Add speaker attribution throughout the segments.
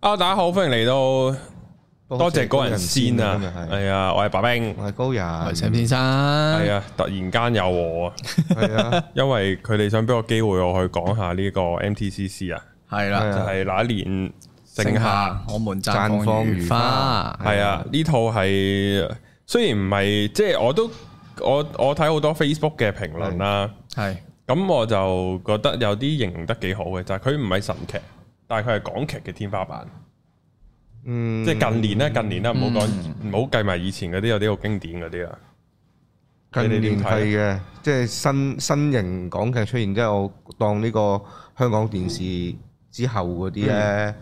Speaker 1: 啊，大家好，歡迎嚟到，多謝高人先啊，係啊，我係白兵，我係高人，Sam 先生，係啊，突然間有我，係啊，因為佢哋想俾個機會我去講下呢個 MTCC 啊，係啦，就係那一年
Speaker 2: 盛夏，我們綻放如花，係
Speaker 1: 啊，呢、啊啊、套係雖然唔係，即、就、係、是、我都我我睇好多 Facebook 嘅評論啦，係、啊，咁我就覺得有啲形容得幾好嘅，就係佢唔係神劇。但係佢係港劇嘅天花板，嗯，即係近年咧，近年咧，唔好講，唔好計埋以前嗰啲，有啲好經典嗰啲啊。近年係嘅，
Speaker 3: 即係新新型港劇出現，即係我當呢個香港電視之後嗰啲咧，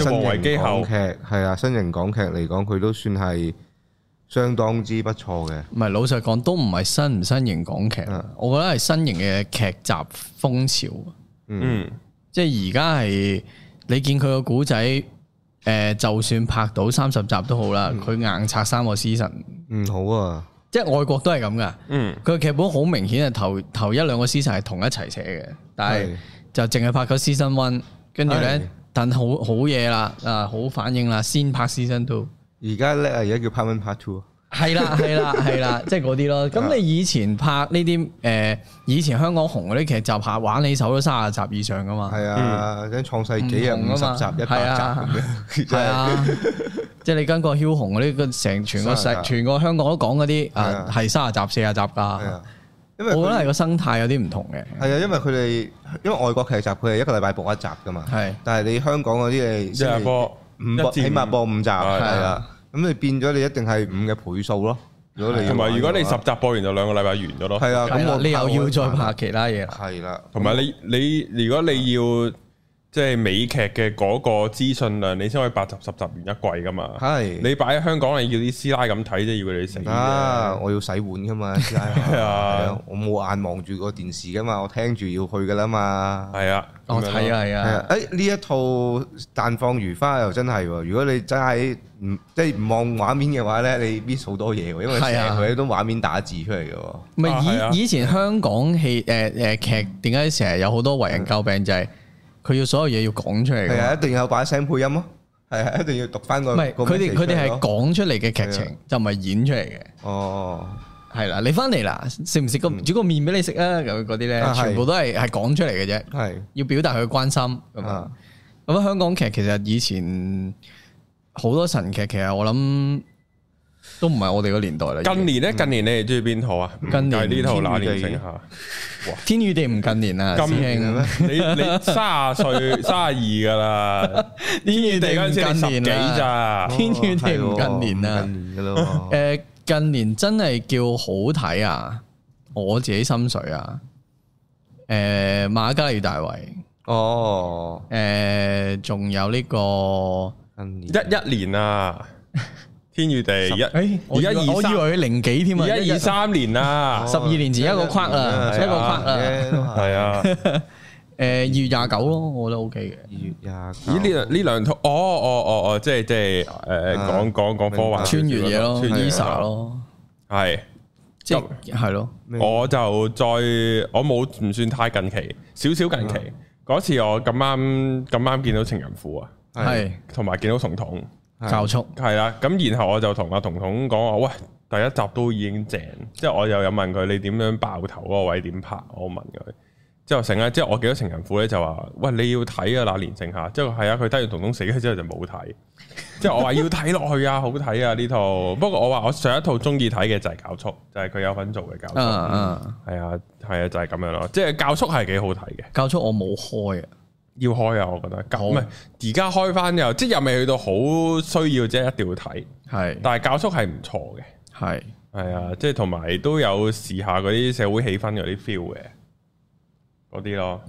Speaker 3: 新型港劇係啊，新型港劇嚟講，佢都算係相當之不錯嘅。唔係老實講，都唔係新唔新型港劇啦，我覺得係新型嘅
Speaker 2: 劇集風潮。嗯，即係而家係。你見佢個古仔，誒、呃，就算拍到三十集都好啦，佢、嗯、硬拆三個 season。嗯，好啊，即係外國都係咁噶。嗯，佢個劇本好明顯係頭頭一兩個 season 係同一齊寫嘅，但係就淨係拍個 season one，跟住咧，但、嗯、好好嘢啦，啊，好反應啦，先拍 season two。
Speaker 3: 而家咧，而家叫 part one part two。
Speaker 2: 係啦，係啦，係啦，即係嗰啲咯。咁你以前拍呢啲，誒，以前香港紅嗰啲劇集拍玩你手都三十集以上噶嘛？係啊，啲創世紀啊，五十集、一百集咁樣。係啊，即係你跟個梟雄嗰啲，個成全個成全個香港都講嗰啲，係三十集、四十集啦。因為我覺得係個生態有啲唔同嘅。
Speaker 3: 係啊，因為佢哋，因為外國劇集佢係一個禮拜播一集噶嘛。係，但係你香港嗰啲你一播五，起碼播五集。係啊。咁你變咗，你一定係五嘅倍數咯。如
Speaker 1: 果你同埋如果你十集播完就兩個禮拜完咗咯。係啊，咁你又要再拍其他嘢。
Speaker 3: 係啦、啊，同埋你、嗯、你，
Speaker 1: 你如果你要。即係美劇嘅嗰個資訊量你是你，你先可以八集十集完一季噶嘛？係。你擺喺香港你叫啲師奶咁睇啫，要你死啊！我要洗碗噶嘛，師奶
Speaker 3: 啊。係啊，我冇眼望住個電視噶嘛，我聽住要去噶啦嘛。係啊，我、哦、睇啊，係啊。誒呢、啊欸、一套《綻放如花》又真係喎。如果你真係唔即係唔望畫面嘅話咧，你 miss 好多嘢喎，因為佢都畫面打字出嚟嘅喎。唔係以以
Speaker 2: 前香港戲誒誒、呃、劇點解成日有好多為人詬病就係、是？佢要所有嘢要講出嚟。係啊，一
Speaker 3: 定要把聲配音咯，係啊，一定要讀翻個。唔係，佢哋佢哋係
Speaker 2: 講出嚟嘅劇情，的就唔係演出嚟嘅。哦，係啦，你翻嚟啦，食唔食個煮個麵俾你食啊？咁嗰啲咧，啊、全部都係係講出嚟嘅啫。係是要表達佢嘅關心咁的啊。咁啊，香港劇其實以前好多神劇，其實我諗。都唔係我哋個年
Speaker 1: 代啦。近年咧，近年你哋中意邊套啊？近年天與地吓，
Speaker 2: 天與地唔近年啊？子興，你你卅歲卅二
Speaker 1: 噶啦，天
Speaker 2: 與地唔近年咋？天與地唔近年啊？近年嘅
Speaker 3: 咯。
Speaker 2: 誒，近年真係叫好睇啊！我自己心水啊。誒，瑪嘉烈大衛哦。誒，仲有呢個
Speaker 1: 一一年啊。天與地一，而家二，我以為
Speaker 2: 佢零幾添啊！而家二三年啦，十二年前一個 cut 啦，一個 cut 啦，係啊，誒，二月廿九咯，我覺得 OK 嘅。二月廿九，
Speaker 1: 咦？呢兩呢兩套，哦哦哦哦，即係即係誒，講講講科幻穿越嘢咯，Elsa 咯，係即係咯，我就再我冇唔算太近期，少少近期嗰次我咁啱咁啱見到情人符啊，係同埋見到蟲童。教速係啦，咁然後我就同阿彤彤講話，喂，第一集都已經正，即係我又有問佢，你點樣爆頭嗰個位點拍？我問佢，之後成日，即係我見多情人婦咧就話，喂，你要睇啊，那年盛夏，之後係啊，佢得完彤彤死咗之後就冇睇，即係我話要睇落去啊，好睇啊呢套。不過我話我上一套中意睇嘅就係教速，就係、是、佢有份做嘅教速，係啊，係啊，就係、是、咁樣咯，即係教速係幾好睇嘅，教速我冇開啊。要開啊，我覺得咁唔係而家開返又即係又未去到好需要，即係一定要睇。係是，但係教速係唔錯嘅。係係是啊，即係同埋都有試下嗰啲社會氣氛嗰啲 feel 嘅嗰啲咯。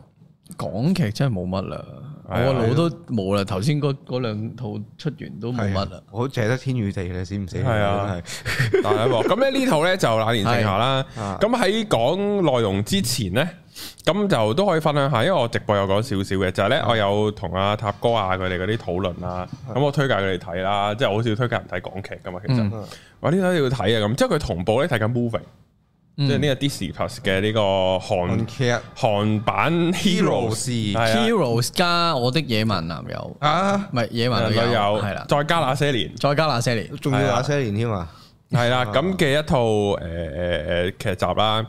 Speaker 3: 港劇真係冇乜啦～
Speaker 1: 哎、我腦都
Speaker 2: 冇啦，頭先嗰
Speaker 3: 嗰兩套出完都冇乜啦。我淨係得天與地嘅你死唔死。係啊的，大一
Speaker 1: 咁咧呢套咧就啦，連成下啦。咁喺講內容之前咧，咁就都可以分享下，因為我直播有講少少嘅，就係、是、咧我有同阿塔哥啊佢哋嗰啲討論啦。咁的我推介佢哋睇啦，即係好少推介人睇港劇㗎嘛，其實，的我呢套要睇啊咁。之後佢同步咧睇緊 moving。即係呢個《Disney+》嘅呢個韓劇、韓版《Heroes》，《Heroes》
Speaker 2: 加我的野蠻男友啊，唔係
Speaker 1: 野蠻女友係啦，再加那些年，再加那些年，仲要那些年添啊。係啦，咁嘅一套誒誒誒劇集啦。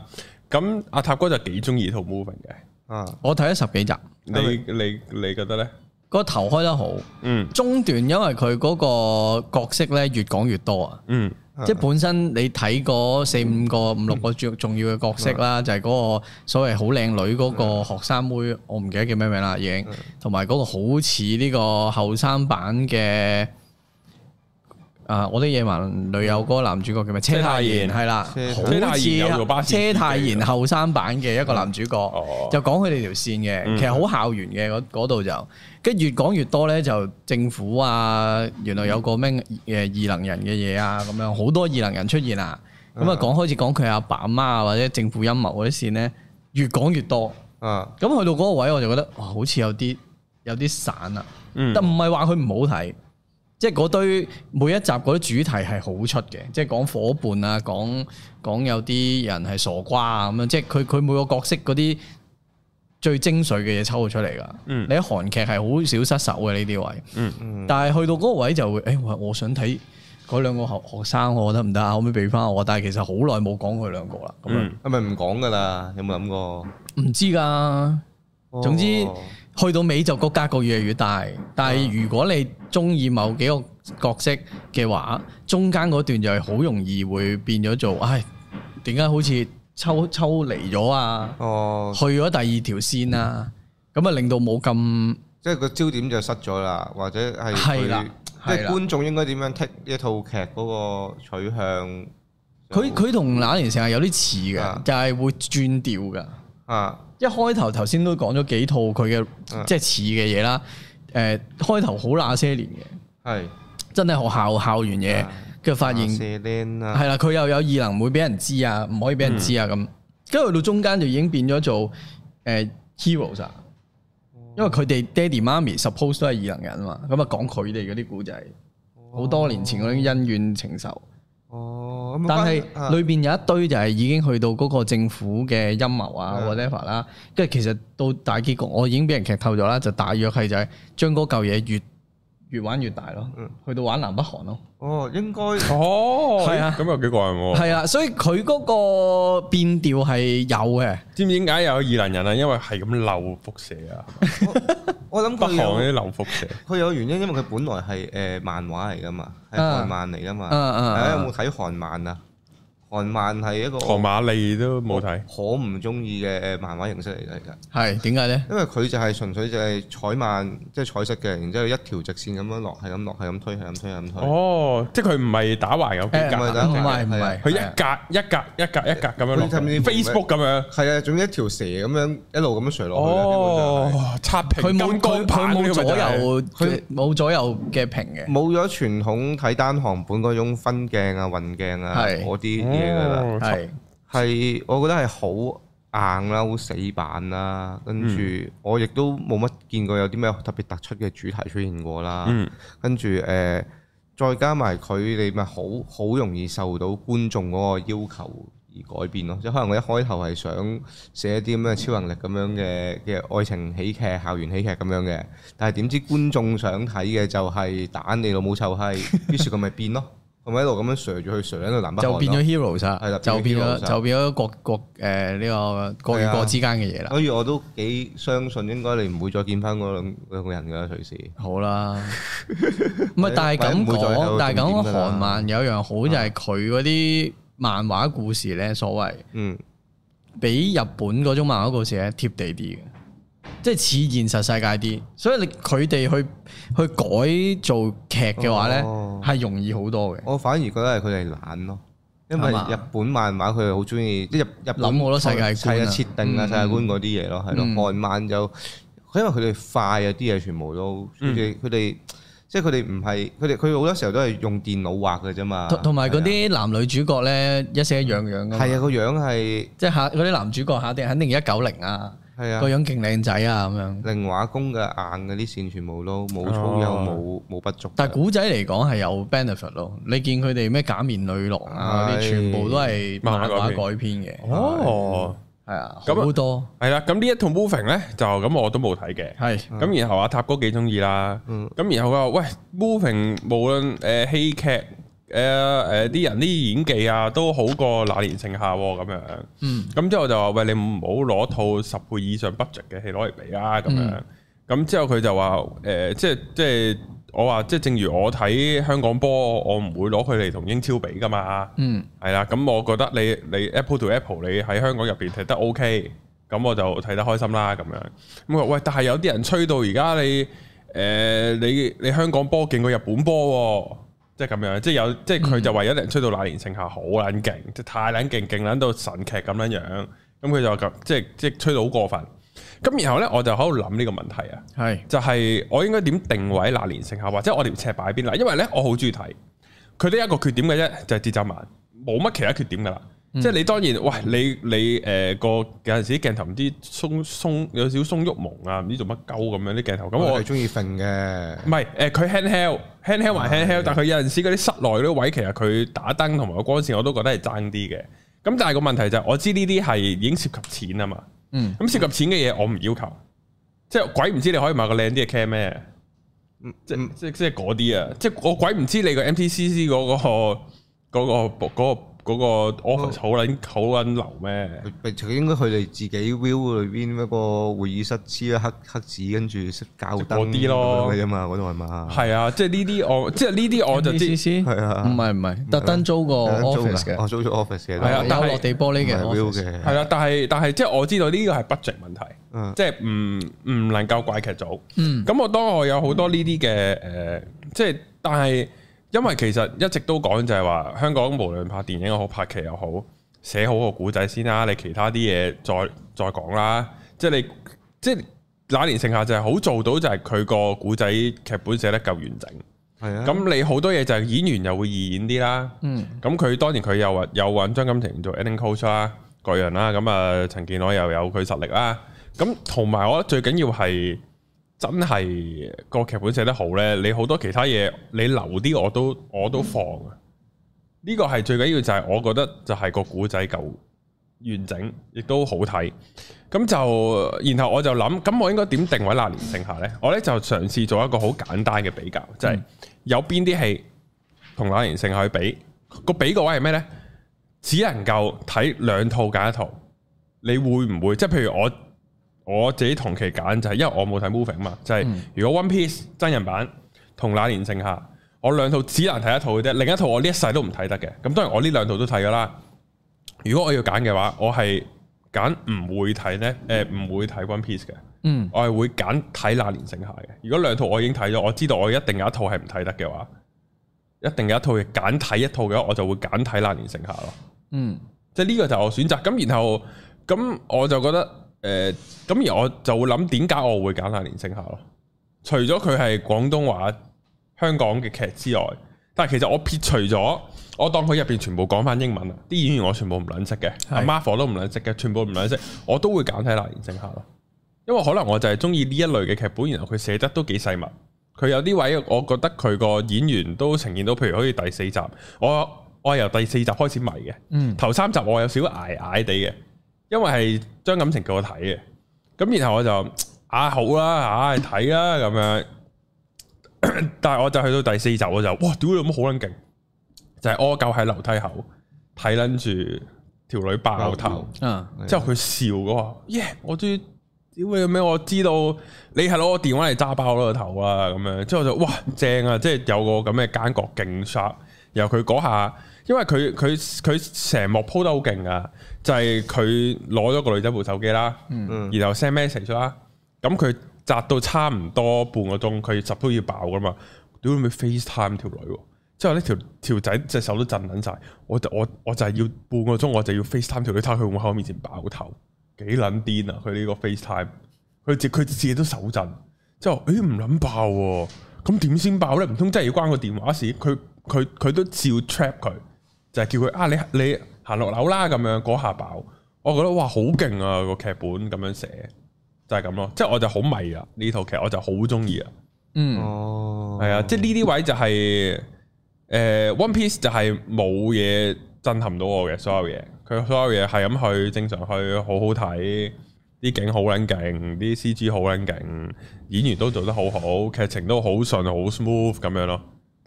Speaker 1: 咁阿塔哥就幾中意套 movie 嘅。嗯，我睇咗十幾集。你你你覺得咧？個頭開得好，嗯，
Speaker 2: 中段因為佢嗰個角色咧越講越多啊，嗯。即本身你睇過四五個五六個最重要嘅角色啦，嗯、就係嗰個所謂好靚女嗰個學生妹，嗯、我唔記得叫咩名啦，已經同埋嗰個好似呢個後生版嘅。啊！我的野蠻女友嗰個男主角叫咩？車太賢係啦，好似車太賢後生版嘅一個男主角，嗯、就講佢哋條線嘅，其實好校園嘅嗰度就，跟住越講越多咧，就政府啊，原來有個咩誒異能人嘅嘢啊，咁樣好多異能人出現啊，咁啊講開始講佢阿爸阿媽或者政府陰謀嗰啲線咧，越講越多，啊、嗯，咁去到嗰個位我就覺得哇，好似有啲有啲散啦，但唔係話佢唔好睇。即係嗰堆每一集嗰啲主題係好出嘅，即係講伙伴啊，講講有啲人係傻瓜啊。咁樣，即係佢佢每個角色嗰啲最精髓嘅嘢，抽咗出嚟噶。嗯、你喺韓劇係好少失手嘅呢啲位。
Speaker 3: 嗯
Speaker 2: 嗯、但係去到嗰個位就會，誒、欸，我想睇嗰兩個學學生，我得唔得啊？行行可唔可以俾翻我？但係其實好耐冇講佢兩個啦。咁樣嗯，係咪唔講噶啦？有冇諗過？唔知噶，總之。哦哦去到尾就個格局越嚟越大，但係如果你中意某幾個角色嘅話，中間嗰段就係好容易會變咗做，唉，點解好似抽抽離咗啊？哦，去咗第二條線啊，咁啊、嗯、令到冇咁，
Speaker 3: 即係個焦點就失咗啦，或者係佢，即係觀眾應該點樣剔一套劇嗰個取向？佢佢同懶人成係有啲似嘅，就係會轉調㗎。啊！一
Speaker 2: 開頭頭先都講咗幾套佢嘅、啊、即係似嘅嘢啦。誒、呃，開頭好那些年嘅係是真係學校校完嘢，跟住、啊、發
Speaker 3: 現係、啊、啦，
Speaker 2: 佢又有異能會俾人知啊，唔可以俾人知啊咁。跟住去到中間就已經變咗做誒、呃、heroes，因為佢哋爹哋媽咪 s u p p o s e 都係異能人啊嘛。咁啊，講佢哋嗰啲古仔，好多年前嗰啲恩怨情仇。哦，但係裏邊有一堆就係已經去到嗰個政府嘅陰謀啊 whatever 啦，跟住的其實到大結局，我已經俾人劇透咗啦，就大約係就係將嗰嚿嘢越。越玩越大囉，去到玩南北韓囉。
Speaker 3: 哦，應該
Speaker 1: 哦，係啊，咁有幾個人喎、啊？係啊，所以佢嗰個變調係有嘅。知唔知點解有異能人啊？因為係咁漏輻射啊！我諗
Speaker 3: 北韓嗰啲漏輻射。佢有原因，因為佢本來係誒漫畫嚟㗎嘛，係韓漫嚟㗎嘛，大家有冇睇韓漫啊？韓漫係一個韓馬利都冇睇，好唔中意嘅漫畫形式嚟㗎。係點解咧？因為佢就係純粹就係彩漫，即係彩色嘅，然之後一條直線咁樣落，係咁落，係咁推，係咁推，係咁推。哦，
Speaker 1: 即係佢唔係打橫有幾格，唔係唔係，佢一格一格一格一格咁樣 Facebook
Speaker 3: 咁樣。係啊，總之一條蛇咁樣一路咁樣垂落去。哦，插屏佢冇佢冇左右，佢冇左右嘅屏嘅。冇咗傳統睇單行本嗰種分鏡啊、混鏡啊嗰啲。嘅係、哦、我覺得係好硬啦，好死板啦，跟住、嗯、我亦都冇乜見過有啲咩特別突出嘅主題出現過啦，嗯、跟住誒、呃，再加埋佢哋咪好好容易受到觀眾嗰個要求而改變咯，即係可能我一開頭係想寫一啲咩超能力咁樣嘅嘅愛情喜劇、校園喜劇咁樣嘅，但係點知觀眾想睇嘅就係打你老母臭氣，於是佢咪變咯。 我喺度咁樣削住佢，削喺度南北就變咗 heroes her 就變咗，就變咗各國誒呢個國與國之間嘅嘢啦。所以我都幾相信，應該你唔會再見翻嗰兩個人噶隨時。好啦吧，
Speaker 2: 唔係 但係咁講，但係咁韓漫有一樣好、啊、就係佢嗰啲漫畫故事咧，所謂嗯，比日本嗰種漫畫故事咧貼地啲嘅。即係似現實世界啲，所以你佢哋去去改
Speaker 3: 造劇嘅話咧，係容易好多嘅。我反而覺得係佢哋懶咯，因為日本漫畫佢哋好中意，即係日日本好多世界觀、係啊設定啊世界觀嗰啲嘢咯，係咯。韓漫就因為佢哋快啊，啲嘢全部都佢哋即係佢哋唔係佢哋佢好多時候都係用電腦畫嘅啫嘛。同
Speaker 2: 埋嗰啲男女主角咧，
Speaker 3: 一式一樣樣嘅。係啊，個樣係即係下嗰啲男主角肯定肯定一九零啊。係啊，個樣勁靚仔啊，咁樣。令畫工嘅硬嘅啲線全部都冇粗有冇
Speaker 2: 冇不足。但係古仔嚟講係有 benefit 咯，你見佢哋咩假面女郎啊，啲全部都係漫畫改編嘅。哦，
Speaker 1: 係啊，咁好多。係啦，咁呢一套 moving 咧就咁我都冇睇嘅。係。咁然後阿塔哥幾中意啦。嗯。咁然後佢話喂，moving 無論誒戲劇。誒誒啲人啲演技啊，都好過那年盛夏喎咁樣。嗯，咁之後就話喂，你唔好攞套十倍以上 budget 嘅戲攞嚟比啊咁樣。咁、嗯、之後佢就話誒、呃，即係即係我話即係正如我睇香港波，我唔會攞佢嚟同英超比㗎嘛。嗯，係啦。咁我覺得你你 Apple to Apple，你喺香港入邊踢得 OK，咁我就睇得開心啦咁樣。咁話喂，但係有啲人吹到而家你誒、呃、你你，你香港波勁過日本波喎、啊。即係咁樣，即係有，即係佢就話有人吹到那年盛夏好撚勁，即係太撚勁，勁撚到神劇咁樣樣，咁佢就即係即係吹到好過分。咁然後呢，我就喺度諗呢個問題啊，係就係我應該點定位那年盛夏，或者我哋斜擺邊啦？因為呢，我好中意睇佢都一個缺點嘅啫，就係節奏慢，冇乜其他缺點噶啦。即係你當然，喂你你誒個、呃、有陣時鏡頭唔知鬆鬆有少鬆郁蒙啊，唔知做乜鳩咁樣啲鏡頭。咁我係中意揈
Speaker 3: 嘅，
Speaker 1: 唔係誒佢 handheld，handheld 還 handheld，但係佢有陣時嗰啲室內嗰啲位，其實佢打燈同埋個光線，我都覺得係爭啲嘅。咁但係個問題就係、是，我知呢啲係已經涉及錢啊嘛。咁、嗯、涉及錢嘅嘢，我唔要求。即係鬼唔知你可以買個靚啲嘅 cam 咩，即係、嗯、即即係嗰啲啊！即係我鬼唔知你個 MTCC 嗰、嗰個個個。嗰個嗰個嗰個嗰個嗰個 office 好撚好撚流咩？佢應該佢哋自己 view 裏邊一個
Speaker 3: 會議室黐一黑黑紙，跟住識搞多啲咯。咁啫嘛，度係嘛？
Speaker 1: 係 啊，即係呢啲我即係呢啲我就知先。係啊麼，唔係唔係，唔係唔係特登租個 off of office 嘅。我、哦、租咗 office 嘅。係啊，有落地玻璃嘅嘅。係啊，但係但係即係我知道呢個係 budget 問題。即係唔唔能夠怪劇組。嗯，咁我當我有好多呢啲嘅誒，即係但係。因為其實一直都講就係話香港無論拍電影又好拍劇又好，寫好,好個古仔先啦，你其他啲嘢再再講啦。即係你即係那年盛夏，就係好做到就係佢個古仔劇本寫得夠完整。咁的你好多嘢就係演員又會易演啲啦。咁佢、嗯、當然佢又揾又揾張金庭做 ending coach 啦，各樣啦，咁啊陳健朗又有佢實力啦。咁同埋我覺得最緊要係。真係個劇本寫得好呢，你好多其他嘢你留啲我都我都放啊！呢、這個係最緊要就係、是、我覺得就係個古仔夠完整，亦都好睇。咁就然後我就諗，咁我應該點定位《那年盛夏》呢？我呢就嘗試做一個好簡單嘅比較，就係、是、有邊啲戲同《那年盛夏》去比？個比個位係咩呢？只能夠睇兩套揀一套，你會唔會？即係譬如我。我自己同期揀就係，因為我冇睇 Moving 嘛，就係、是、如果 One Piece 真人版同《那年盛夏》，我兩套只能睇一套嘅啫，另一套我呢一世都唔睇得嘅。咁當然我呢兩套都睇㗎啦。如果我要揀嘅話，我係揀唔會睇呢，誒、呃、唔會睇 One Piece 嘅。嗯，我係會揀睇《那年盛夏》嘅。如果兩套我已經睇咗，我知道我一定有一套係唔睇得嘅話，一定有一套係揀睇一套嘅話，我就會揀睇《那年盛夏》咯。嗯，即係呢個就係我選擇。咁然後咁我就覺得。誒，咁、嗯、而我就會諗點解我會揀《阿年青客》咯？除咗佢係廣東話香港嘅劇之外，但係其實我撇除咗，我當佢入邊全部講翻英文啲演員我全部唔卵識嘅，阿 m a 都唔卵識嘅，全部唔卵識，我都會揀睇《阿年青客》咯。因為可能我就係中意呢一類嘅劇本，然後佢寫得都幾細密，佢有啲位，我覺得佢個演員都呈現到，譬如好似第四集，我我由第四集開始迷嘅，嗯，頭三集我有少少挨挨地嘅。因為係將感情叫我睇嘅，咁然後我就啊好啦，啊睇啦咁樣，但係我就去到第四集我就哇屌你咁好捻勁，就係屙狗喺樓梯口睇捻住條女爆頭，嗯，之後佢笑嘅話，耶，我最屌你咩？我知道你係攞個電話嚟揸爆咗個頭啊，咁樣，之後我就哇正啊，即係有個咁嘅奸角勁殺，然後佢嗰下。因為佢佢佢成幕鋪得好勁啊！就係佢攞咗個女仔部手機啦，嗯、然後 send message、嗯、啦，咁佢扎到差唔多半個鐘，佢十都要爆噶嘛？屌會 face time 條女？之後呢條條仔隻手都震捻晒，我就我我就係要半個鐘，我就要 face time 條女，睇下佢會唔會喺我面前爆頭？幾捻癲啊！佢呢個 face time，佢自佢自己都手震。之後誒唔捻爆，咁點先爆咧？唔通真係要關個電話匙？佢佢佢都照 trap 佢。就叫佢啊！你你行落樓啦，咁樣嗰下爆，我覺得哇，好勁啊！個劇本咁樣寫就係咁咯，即係我就好迷啊呢套劇，我就好中意啊。嗯，哦，係啊，即係呢啲位就係誒，One Piece 就係冇嘢震撼到我嘅所有嘢，佢所有嘢係咁去正常去，好好睇，啲景好撚勁，啲 CG 好撚勁，演員都做得好好，劇情都好順，好 smooth 咁樣咯。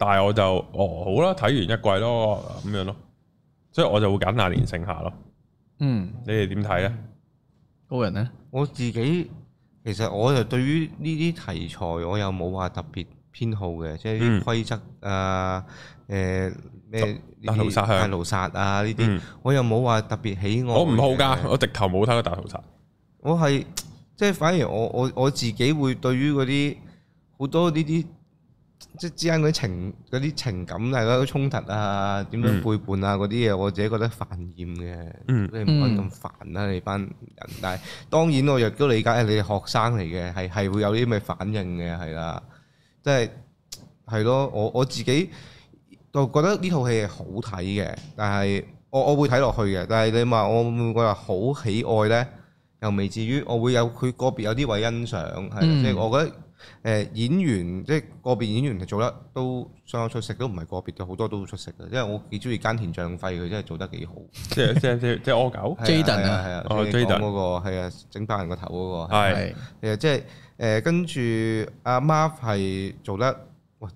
Speaker 1: 但係我就哦好啦，睇完一季咯咁樣咯，所以我就會揀下那年盛夏咯。嗯，你哋點睇咧？
Speaker 3: 高人咧？我自己其實我就對於呢啲題材我又冇話特別偏好嘅，即係啲規則啊，誒咩大屠殺啊、大屠殺啊呢啲，我又冇話特別喜愛。我唔好噶，我
Speaker 1: 直頭冇睇過大屠殺。
Speaker 3: 我係即係反而我我我自己會對於嗰啲好多呢啲。即係之間嗰啲情嗰啲情感大家都衝突啊，點樣背叛啊嗰啲嘢，我自己覺得煩厭嘅，嗯、你唔好咁煩啦、啊，你班人。但係當然我亦都理解你哋學生嚟嘅，係係會有啲咩反應嘅，係啦。即係係咯，我我自己就覺得呢套戲係好睇嘅，但係我我會睇落去嘅。但係你話我我話好喜愛咧，又未至於我會有佢個別有啲位欣賞，係即係我覺得。誒，演員即係個別演員係做得都相當出色，都唔係個別嘅，好多都好出色嘅。因為我幾中意耕田漲費，佢真係做得幾好。
Speaker 1: 即係即係即係即柯狗。Jaden 啊，係啊，Jaden 嗰
Speaker 3: 個係啊，整白人個頭嗰個係。誒，即係誒，跟住阿 Mark 係做得，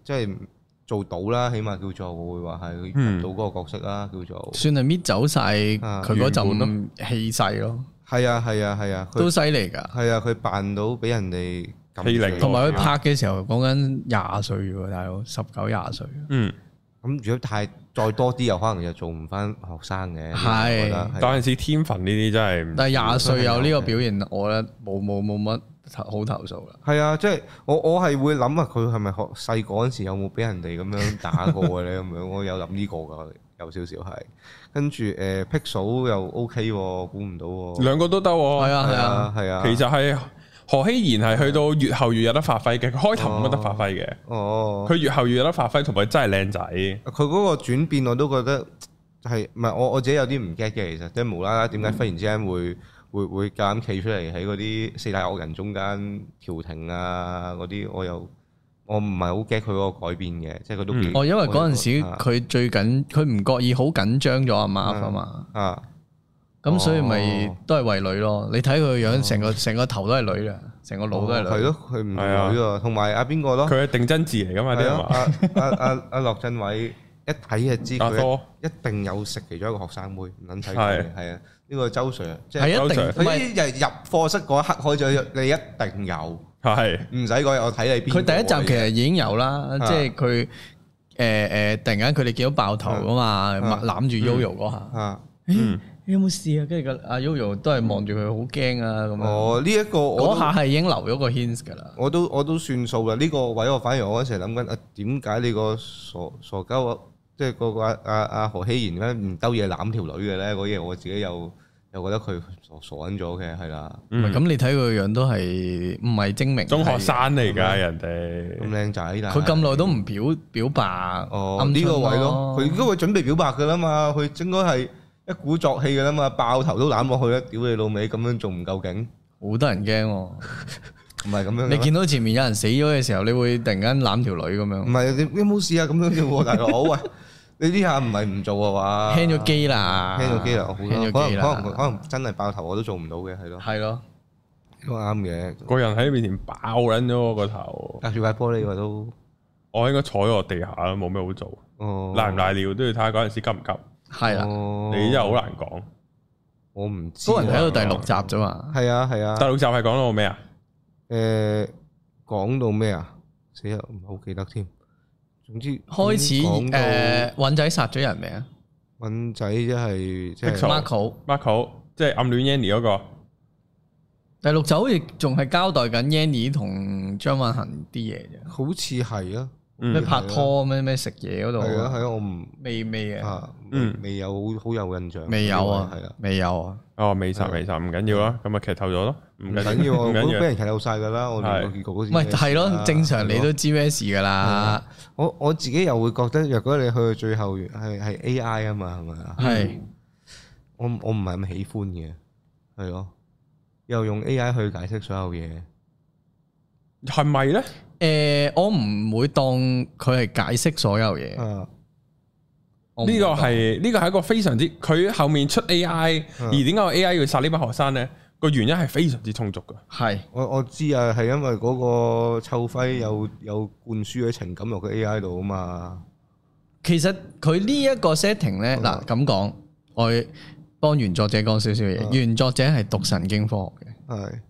Speaker 3: 即係做到啦，起碼叫做會話係做到嗰個角色啦，叫做算
Speaker 2: 係搣走晒佢嗰陣
Speaker 3: 氣勢咯。係啊，係啊，係啊，都犀利噶。係啊，佢扮到俾人哋。同埋佢拍嘅時候講緊廿歲喎，大佬十九廿歲。歲嗯，咁如果太再多啲，又可能又做唔翻學生嘅。係是，有
Speaker 1: 陣時天分呢啲真係。但係廿歲有呢個
Speaker 3: 表現，的我咧冇冇冇乜好投訴噶係啊，即係我我係會諗啊，佢係咪學細個嗰陣時有冇俾人哋咁樣打過咧？咁樣 我有諗呢個噶，有少少係。跟住
Speaker 1: 誒，劈、呃、數又 OK 估唔到喎，兩個都得喎，係啊係啊係啊，其實係何熙然係去到後、哦、越後越有得發揮嘅，佢開頭冇得發揮嘅。哦，佢越後越有得發揮，同埋真係靚仔。
Speaker 3: 佢嗰個轉變我都覺得係，唔係我我自己有啲唔 get 嘅，其實即係無啦啦，點解忽然之間會、嗯、會會敢企出嚟喺嗰啲四大惡人中間調停啊？嗰啲我又我唔係好 get 佢嗰個改變嘅，即係佢都、嗯、哦，因為嗰陣時佢
Speaker 2: 最緊，佢唔覺意好緊張咗啊嘛，阿嘛啊。嗯嗯。咁所以咪都係為女咯？你睇佢樣，成個成個頭都係
Speaker 3: 女嘅，成個腦都係女。係咯，佢唔係女啊！同埋阿邊個咯？佢係定真字嚟噶嘛？啲阿阿阿阿駱振偉一睇就知佢一定有食其中一個學生妹，唔撚睇佢係啊！呢個周 Sir 即係一定佢啲入入課室嗰一刻開始，你一定有係唔使講，我睇你邊佢第一集其實已經有啦，即係
Speaker 2: 佢誒誒，突然間佢哋見到爆頭噶嘛，攬住 Yoyo 嗰下，嗯。有冇事啊？跟住個阿 U U 都係
Speaker 3: 望住佢好驚啊！咁哦，呢一個嗰下係已經留咗個 hint 㗎啦。我都我都算數啦。呢個位我反而我嗰時係諗緊啊，點解你個傻傻鳩即係個阿阿阿何希賢唔兜嘢攬條女嘅咧？嗰嘢我自己又又覺得佢傻傻咗嘅係啦。
Speaker 2: 咁，你睇佢樣都係唔係精明？中學生嚟㗎人
Speaker 3: 哋咁靚仔，佢咁
Speaker 2: 耐都唔表
Speaker 3: 表白哦。呢個位咯，佢應該準備表白㗎啦嘛，佢應該係。一鼓作氣嘅啦嘛，爆頭都攬落去啦！屌你老味，咁樣仲唔夠勁？好得人驚，唔係咁樣。你見到前面有人死咗嘅時候，你會突然間攬條女咁樣？唔係，你有冇事啊？咁樣叫、啊，大佬。 喂，你呢下唔係唔做嘅話，輕咗機啦，輕咗機啦，好輕咗機啦。可能，可能，可能真係爆頭我都做唔到嘅，係咯，係咯，都啱
Speaker 1: 嘅。個人喺面前爆緊咗個頭，隔住塊玻璃都，我應該坐咗落地下咯，冇咩好做。哦、呃，賴唔賴尿都要睇下嗰陣時急唔急。係啦，哦、你真又好難講，我唔，知。都係睇到第六集啫嘛。係啊係啊，啊第六集係講到
Speaker 3: 咩啊？誒、呃，講到咩啊？死啦，唔好記得添。總
Speaker 2: 之總開始誒，尹、呃、仔殺咗人未啊？
Speaker 1: 尹仔即係即係 Marco，Marco 即係暗戀 Yanny 嗰、那個。
Speaker 2: 第六集好似仲係交代緊 Yanny 同張運恒啲嘢嘅，好似係啊。咩拍拖
Speaker 3: 咩咩食嘢嗰度係啊，係啊，我唔未未啊未有好有印象
Speaker 1: 未有啊，係啊，未有啊。哦，未晒未晒，唔緊要啦，咁咪劇透咗咯。唔緊要唔緊要，都俾人劇
Speaker 3: 透晒噶啦，我結局嗰時咪係咯，正常你都
Speaker 1: 知咩事噶啦。
Speaker 3: 我我自己又會覺得，若果你去到最後係係 AI 啊嘛，係咪啊？係我我唔係咁喜歡嘅，係咯，又用 AI 去解釋所有嘢係咪咧？誒、呃，我唔會當佢
Speaker 2: 係解釋所有嘢。
Speaker 1: 呢、啊、個係呢、這個係一個非常之，佢後面出 A I，、啊、而點解我 A I 要殺呢班學生咧？個原因係非常之充足㗎。係是
Speaker 3: 我我知啊，係因為嗰個臭輝有有灌輸嘅情感落去 A I 度啊嘛。其實佢呢一個 setting 咧，嗱咁講，我
Speaker 2: 幫原作者講少少嘢。啊、原作者係讀神經科學嘅，係是，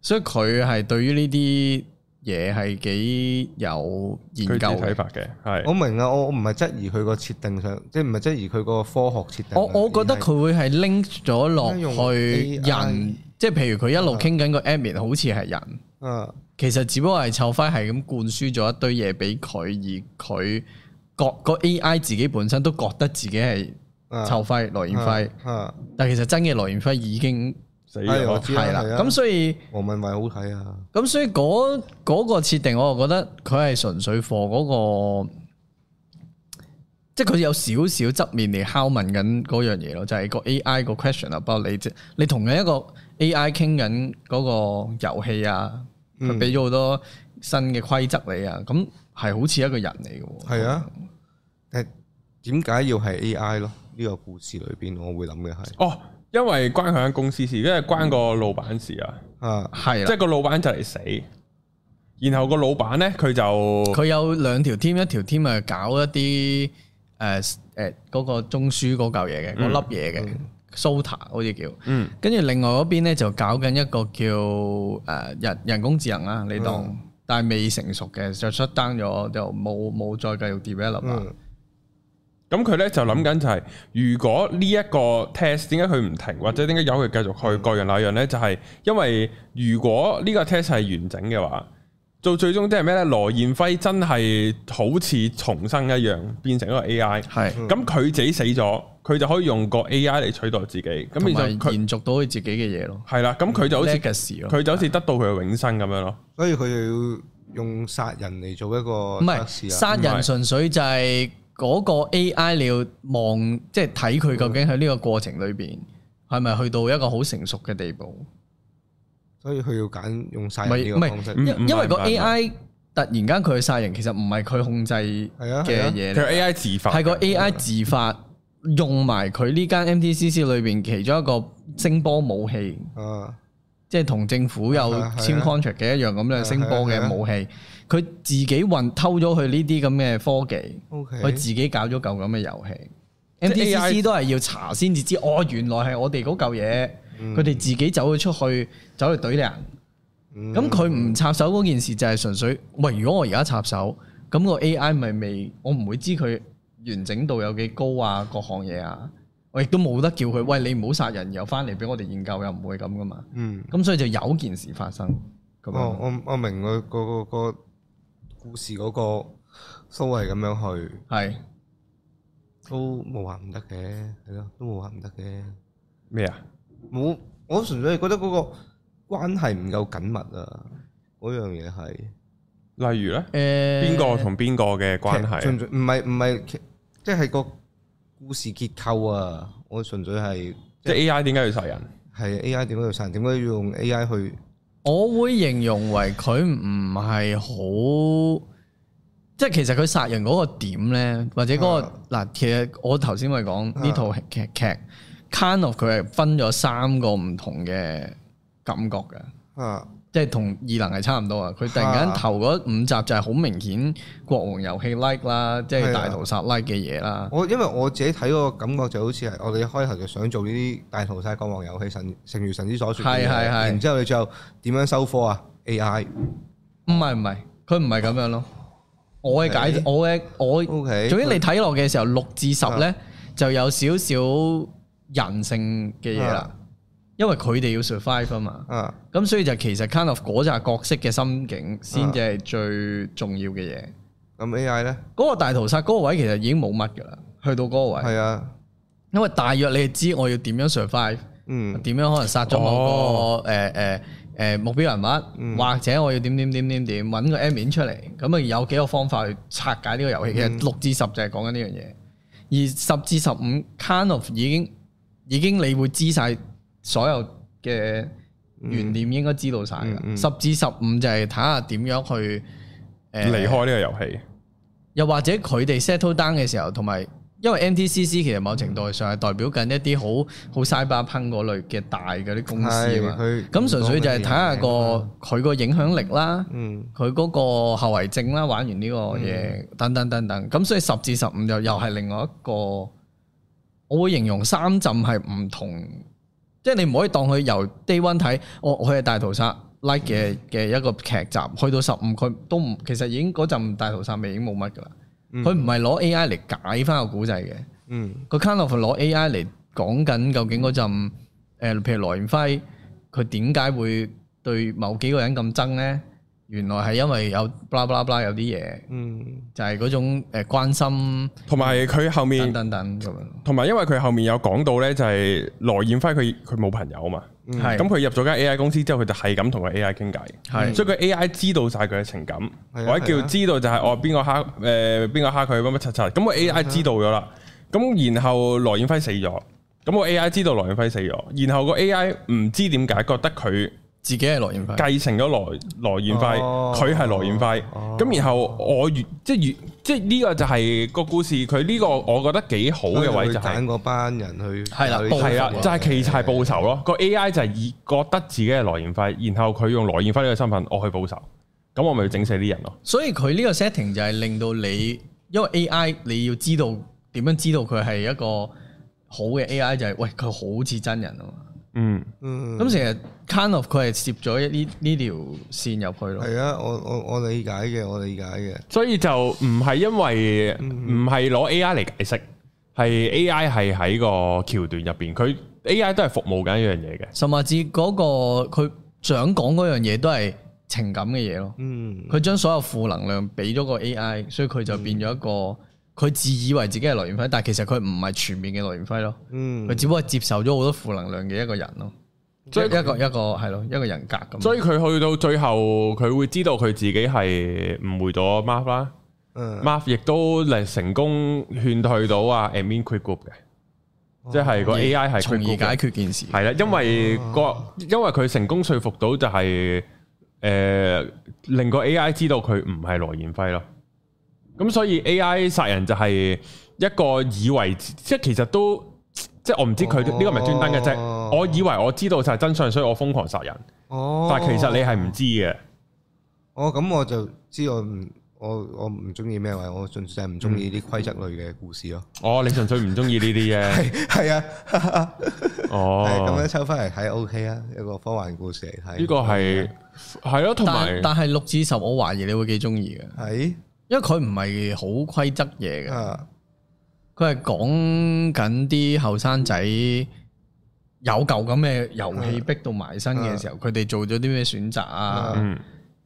Speaker 2: 所
Speaker 3: 以佢係對於呢啲。嘢係幾有研究睇法嘅，係我明啊，我我唔係質疑佢個設定上，即係唔係質疑佢個科學設定。我我覺得
Speaker 2: 佢會係 link 咗落去用 AI，人，即係譬如佢一路傾緊個 Amy 好似係人，嗯、啊，其實只不過係臭輝係咁灌輸咗一堆嘢俾佢，而佢個個 AI 自己本身都覺得自己係
Speaker 3: 臭輝、羅源輝，嗯
Speaker 2: 花，啊啊、但其實真嘅羅源輝已經。我知，係啦，咁
Speaker 3: 所以黃文偉好睇啊。
Speaker 2: 咁所以嗰嗰個設定，我就覺得佢係純粹貨嗰、那個，即係佢有少少側面嚟拷問緊嗰樣嘢咯，就係、是、個 AI 個 question 啊。不過你你同緊一個 AI 傾緊嗰個遊戲啊，佢俾咗好多新嘅規則你啊，咁係、嗯、好似一個人嚟
Speaker 3: 嘅。
Speaker 1: 係啊，誒，點解要係 AI
Speaker 3: 咯？呢、這個故事裏邊，我會諗嘅係
Speaker 1: 哦。因為關佢公司事，因為關個老闆事啊，啊係、嗯，即係個老闆就嚟死，然後個老闆咧佢就佢
Speaker 2: 有兩條 team，一條 team 啊搞一啲誒誒嗰個中樞嗰嚿嘢嘅，個粒嘢嘅 Sota 好似叫，嗯，跟住另外嗰邊咧就搞緊一個叫誒人、呃、人工智能啦，你當，嗯、但係未成熟嘅就出單咗，就冇冇
Speaker 1: 再繼續 develop 啦。嗯咁佢咧就諗緊就係、是，如果呢一個 test 點解佢唔停，或者點解由佢繼續去、嗯、各樣那樣咧，就係因為如果呢個 test 係完整嘅話，做最終即係咩咧？羅彥輝真係好似重生一樣，變成一個 AI。係咁佢自己死咗，佢就可以用個 AI 嚟取代自己，咁、嗯、就延續到佢自己嘅嘢咯。係啦，咁佢就好似 legacy 咯，佢、嗯、就好似得到佢嘅永生咁樣咯。
Speaker 3: 所以佢就要用殺人嚟做一個唔係殺人，
Speaker 2: 純粹就係、是。嗰個 AI 你要望即係睇佢究竟喺呢個過程裏邊係咪去到一個好成熟嘅地步？
Speaker 3: 所以佢要揀用殺
Speaker 1: 人嘅方式，唔係，因為，慢慢因為個 AI
Speaker 2: 突然間佢殺人，其實唔係佢控制嘅嘢，佢、啊啊、AI 自發係個 AI 自發用埋佢呢間 MTCC 裏邊其中一個聲波武器，啊、即係同政府有簽 contract 嘅一樣咁樣聲波嘅武器。佢自己運偷咗佢呢啲咁嘅科技，佢 Okay. 自己搞咗嚿咁嘅遊戲
Speaker 3: ，M D C C 都
Speaker 2: 係要查先至知，嗯、哦，原來係我哋嗰嚿嘢，佢哋自己走咗出去，走去懟人，
Speaker 3: 咁佢
Speaker 2: 唔插手嗰件事就係純粹，喂，如果我而家插手，咁、那個 A I 咪未，我唔會知佢完整度有幾高啊，各項嘢啊，我亦都冇得叫佢，喂，你唔好殺人又翻嚟俾我哋研究，又唔會咁噶嘛，嗯，咁所以就有件事發生，
Speaker 3: 咁、哦、我我我明個個個。個個故事嗰個都係咁樣去，係是都冇話唔得嘅，係咯，都冇話唔得嘅。咩啊麼？冇，我純粹係覺得嗰個關係唔夠緊密啊！嗰樣嘢係，
Speaker 1: 例如咧，邊個同邊個嘅關係？純
Speaker 3: 粹唔係唔係，即係個故事結構啊！我純粹係即係 A.I. 點解要殺人？係 A.I. 點解要殺人？點解要用 A.I. 去？我會形容為佢唔係好，即係其實佢殺
Speaker 2: 人嗰個點咧，或者嗰個，嗱，uh。其實我頭先咪講呢套劇劇，Kind of 佢係分咗三個唔同嘅感覺嘅。Uh. 即係同二能係差唔多啊！佢突然間頭嗰五集就係好明顯國王遊戲 like 啦的，即係大屠殺 like 嘅嘢啦。
Speaker 3: 我因為我自己睇嗰個感覺就好似係，我哋一開頭就想做呢啲大屠殺、國王遊戲、神成如神之所說嘅嘢。係係係。然之後你最後點樣收科啊？AI 唔係唔係，佢唔係咁樣咯。我嘅解，我嘅我，總之你睇
Speaker 2: 落嘅時候六至十咧的的就有少少人性嘅嘢啦。因為佢哋要 survive 啊嘛，咁、啊、所以就其實 kind of 嗰紮角色嘅心境先至係最重要嘅嘢。咁、啊、AI 咧嗰個大屠殺嗰個位其實已經冇乜㗎喇，去到嗰個位係啊，因為大約你係知我要點樣 survive，點、嗯、樣可能殺咗某個誒誒誒目標人物，哦、或者我要點點點點點揾個 M 出嚟，咁啊，有幾個方法去拆解呢個遊戲，其實六至十就係講緊呢樣嘢，而十至十五 kind of 已經已經你會知晒。所有嘅原點應該知道晒㗎，嗯嗯、十至十五就係睇下點樣去誒離開呢個遊戲，又或者佢哋 settle down 嘅時候，同埋因為 NTCC 其實某程度上係代表緊一啲好好 cyberpunk 嗰類嘅大嗰啲公司，咁純粹就係睇下個佢個影響力啦，佢嗰、嗯、個後遺症啦，玩完呢個嘢、嗯、等等等等，咁所以十至十五就又係另外一個，我會形容三層係唔同。即係你唔可以當佢由 day one 睇，我我係大屠殺 like 嘅嘅一個劇集，嗯、去到十五佢都唔，其實已經嗰陣大屠殺咪已經冇乜噶啦。佢唔係攞 AI 嚟解翻個古仔嘅，個 kind of 攞 AI 嚟講緊究竟嗰陣誒，譬、呃、如羅源輝，佢點解會對某幾個人咁憎咧？原來係因為有 blah blah blah」，有啲嘢，嗯，就係嗰種誒關心，同埋佢後面、嗯、等等
Speaker 1: 同埋因為佢後面有講到咧，就係羅燕輝佢佢冇朋友啊嘛，係、嗯，咁佢、嗯、入咗間 AI 公司之後，佢就係咁同個 AI 傾偈，係、嗯，所以個 AI 知道晒佢嘅情感，或者、啊、叫知道就係我邊個蝦誒邊個蝦佢乜乜柒柒」啊。咁個、哦呃、AI 知道咗啦，咁、啊、然，然後羅燕輝死咗，咁個 AI 知道羅燕輝死咗，然後個 AI 唔知點解覺得佢。自己係羅延輝，繼承咗羅羅延輝，佢係羅延輝。咁、哦、然後我越即越即呢個就係個故事，佢呢個我覺得幾好嘅位置就係、是、嗰班人去係啦，係啦，就係其實係報仇咯。個的 AI 就係以覺得自己係羅延輝，然後佢用羅延輝呢個身份，我去報仇。咁我咪要整死啲人咯。所以佢呢個 setting 就係令到
Speaker 2: 你，因為 AI 你要知道點樣知道佢係一個好嘅 AI，就係、是、喂佢好似真人啊。
Speaker 3: 嗯嗯，咁成
Speaker 2: 日 kind of 佢係接咗一呢呢條
Speaker 1: 線入
Speaker 3: 去咯。係啊，我我我理解嘅，我理解嘅。解
Speaker 1: 所以就唔係因為唔係攞 A I 嚟解釋，係 A I 係喺個橋段入邊，佢 A I 都係服務緊一樣嘢嘅。
Speaker 2: 甚至嗰、嗰個佢想講嗰樣嘢都係情感嘅嘢咯。嗯，佢將所有負能量俾咗個 A I，所以佢就變咗一個。嗯佢自以為自己係羅延輝，但係其實佢唔係全面嘅羅延輝咯。嗯，佢只不過接受咗好多負能量嘅一個人咯。即係以一個一個係咯，一個人格
Speaker 1: 咁。所以佢去到最後，佢會知道佢自己係誤會咗 Mark 啦。嗯，Mark 亦都能成功勸退到啊 Amin Quick Group 嘅，啊、即係個 AI 係從、啊、而解決件事。係啦，因為、那個因為佢成功說服到就係、是、誒、呃、令個 AI 知道佢唔係羅延輝咯。咁所以 A.I. 殺人就係一個以為，即係其實都，即係我唔知佢呢個係咪專登嘅啫。我以為我知道晒真相，所以我瘋狂殺人。
Speaker 3: 哦，但係其實你係唔知嘅。哦，咁我就知我唔，我我唔中意咩？我純粹係唔中意啲規則類嘅故事咯。
Speaker 1: 哦，你純粹唔中意呢啲啫。係啊。哦，咁樣
Speaker 3: 抽翻嚟睇 O.K. 啊，一個科幻故事嚟睇。呢個係
Speaker 1: 係咯，同埋但係
Speaker 3: 六
Speaker 2: 至十，我懷疑你會幾中意嘅。係。因為佢唔係好規則嘢嘅，佢係講緊啲後生仔有舊咁嘅遊戲逼到埋身嘅時候，佢哋做咗啲咩選擇啊？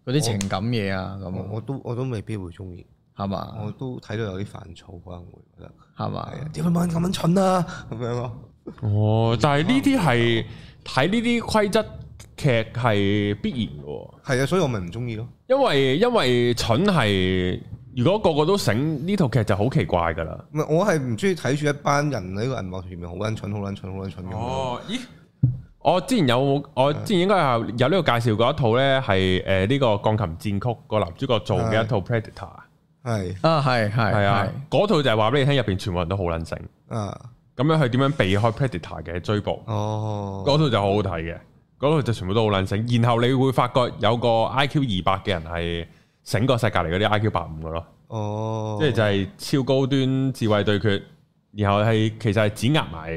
Speaker 3: 嗰啲、啊、情感嘢啊，咁我都我都未必會中意，係嘛吧？我都睇
Speaker 1: 到有啲煩躁，可能會覺得，係嘛吧？點
Speaker 3: 解冇人咁樣蠢啊？咁樣咯？
Speaker 1: 哦，就係呢啲係睇呢啲規則。劇係必然嘅，係
Speaker 3: 啊，所以我咪唔中意
Speaker 1: 咯。因為因為蠢係，如果個個都醒，呢套劇就好奇怪噶啦。
Speaker 3: 唔係，我係唔中意睇住一班人喺個銀幕上面好撚蠢、好撚蠢、好撚
Speaker 1: 蠢咁。蠢蠢哦，咦？我之前有，我之前應該係有呢個介紹過一套咧，係誒呢個鋼琴戰曲個男主角做嘅一套 Predator。係啊，係係係啊，嗰的的套就係話俾你聽，入邊全部人都好撚醒啊。咁樣係點樣避開 Predator 嘅追捕？哦的，嗰套就好好睇嘅。的嗰度就全部都好撚醒，然後你會發覺有個 IQ 二百嘅人係醒過曬隔離嗰啲 IQ 百五嘅咯，
Speaker 3: 哦、即係就係
Speaker 1: 超高端智慧對決，然後係其實係指壓埋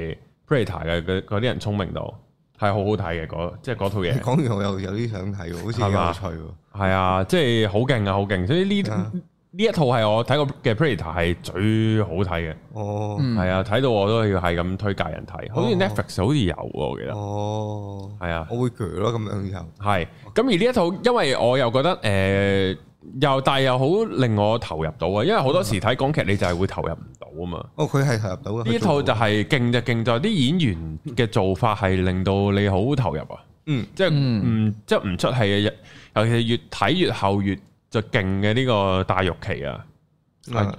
Speaker 1: Predator 嘅嗰啲人聰明度，係好好睇嘅嗰即係套嘢。講 完
Speaker 3: 我又有啲想睇喎，好似咁有趣
Speaker 1: 喎。係吧 啊，即係好勁啊，好勁！所以呢？呢一套係我睇過嘅《Prater》係最好睇嘅，哦，係啊，睇到我都要係咁推介人睇。好似 Netflix 好似有，我記得。哦，係啊，我會鋸咯咁樣又。係，咁而呢一套，因為我又覺得誒，又但係又好令我投入到啊，因為好多時睇港劇你就係會投入唔到啊嘛。哦，佢係投入到啊！呢一套就係勁就勁在啲演員嘅做法係令到你好投入啊。嗯，即係唔即係唔出戲嘅，尤其係越睇越後越。就勁嘅呢個大玉琪啊，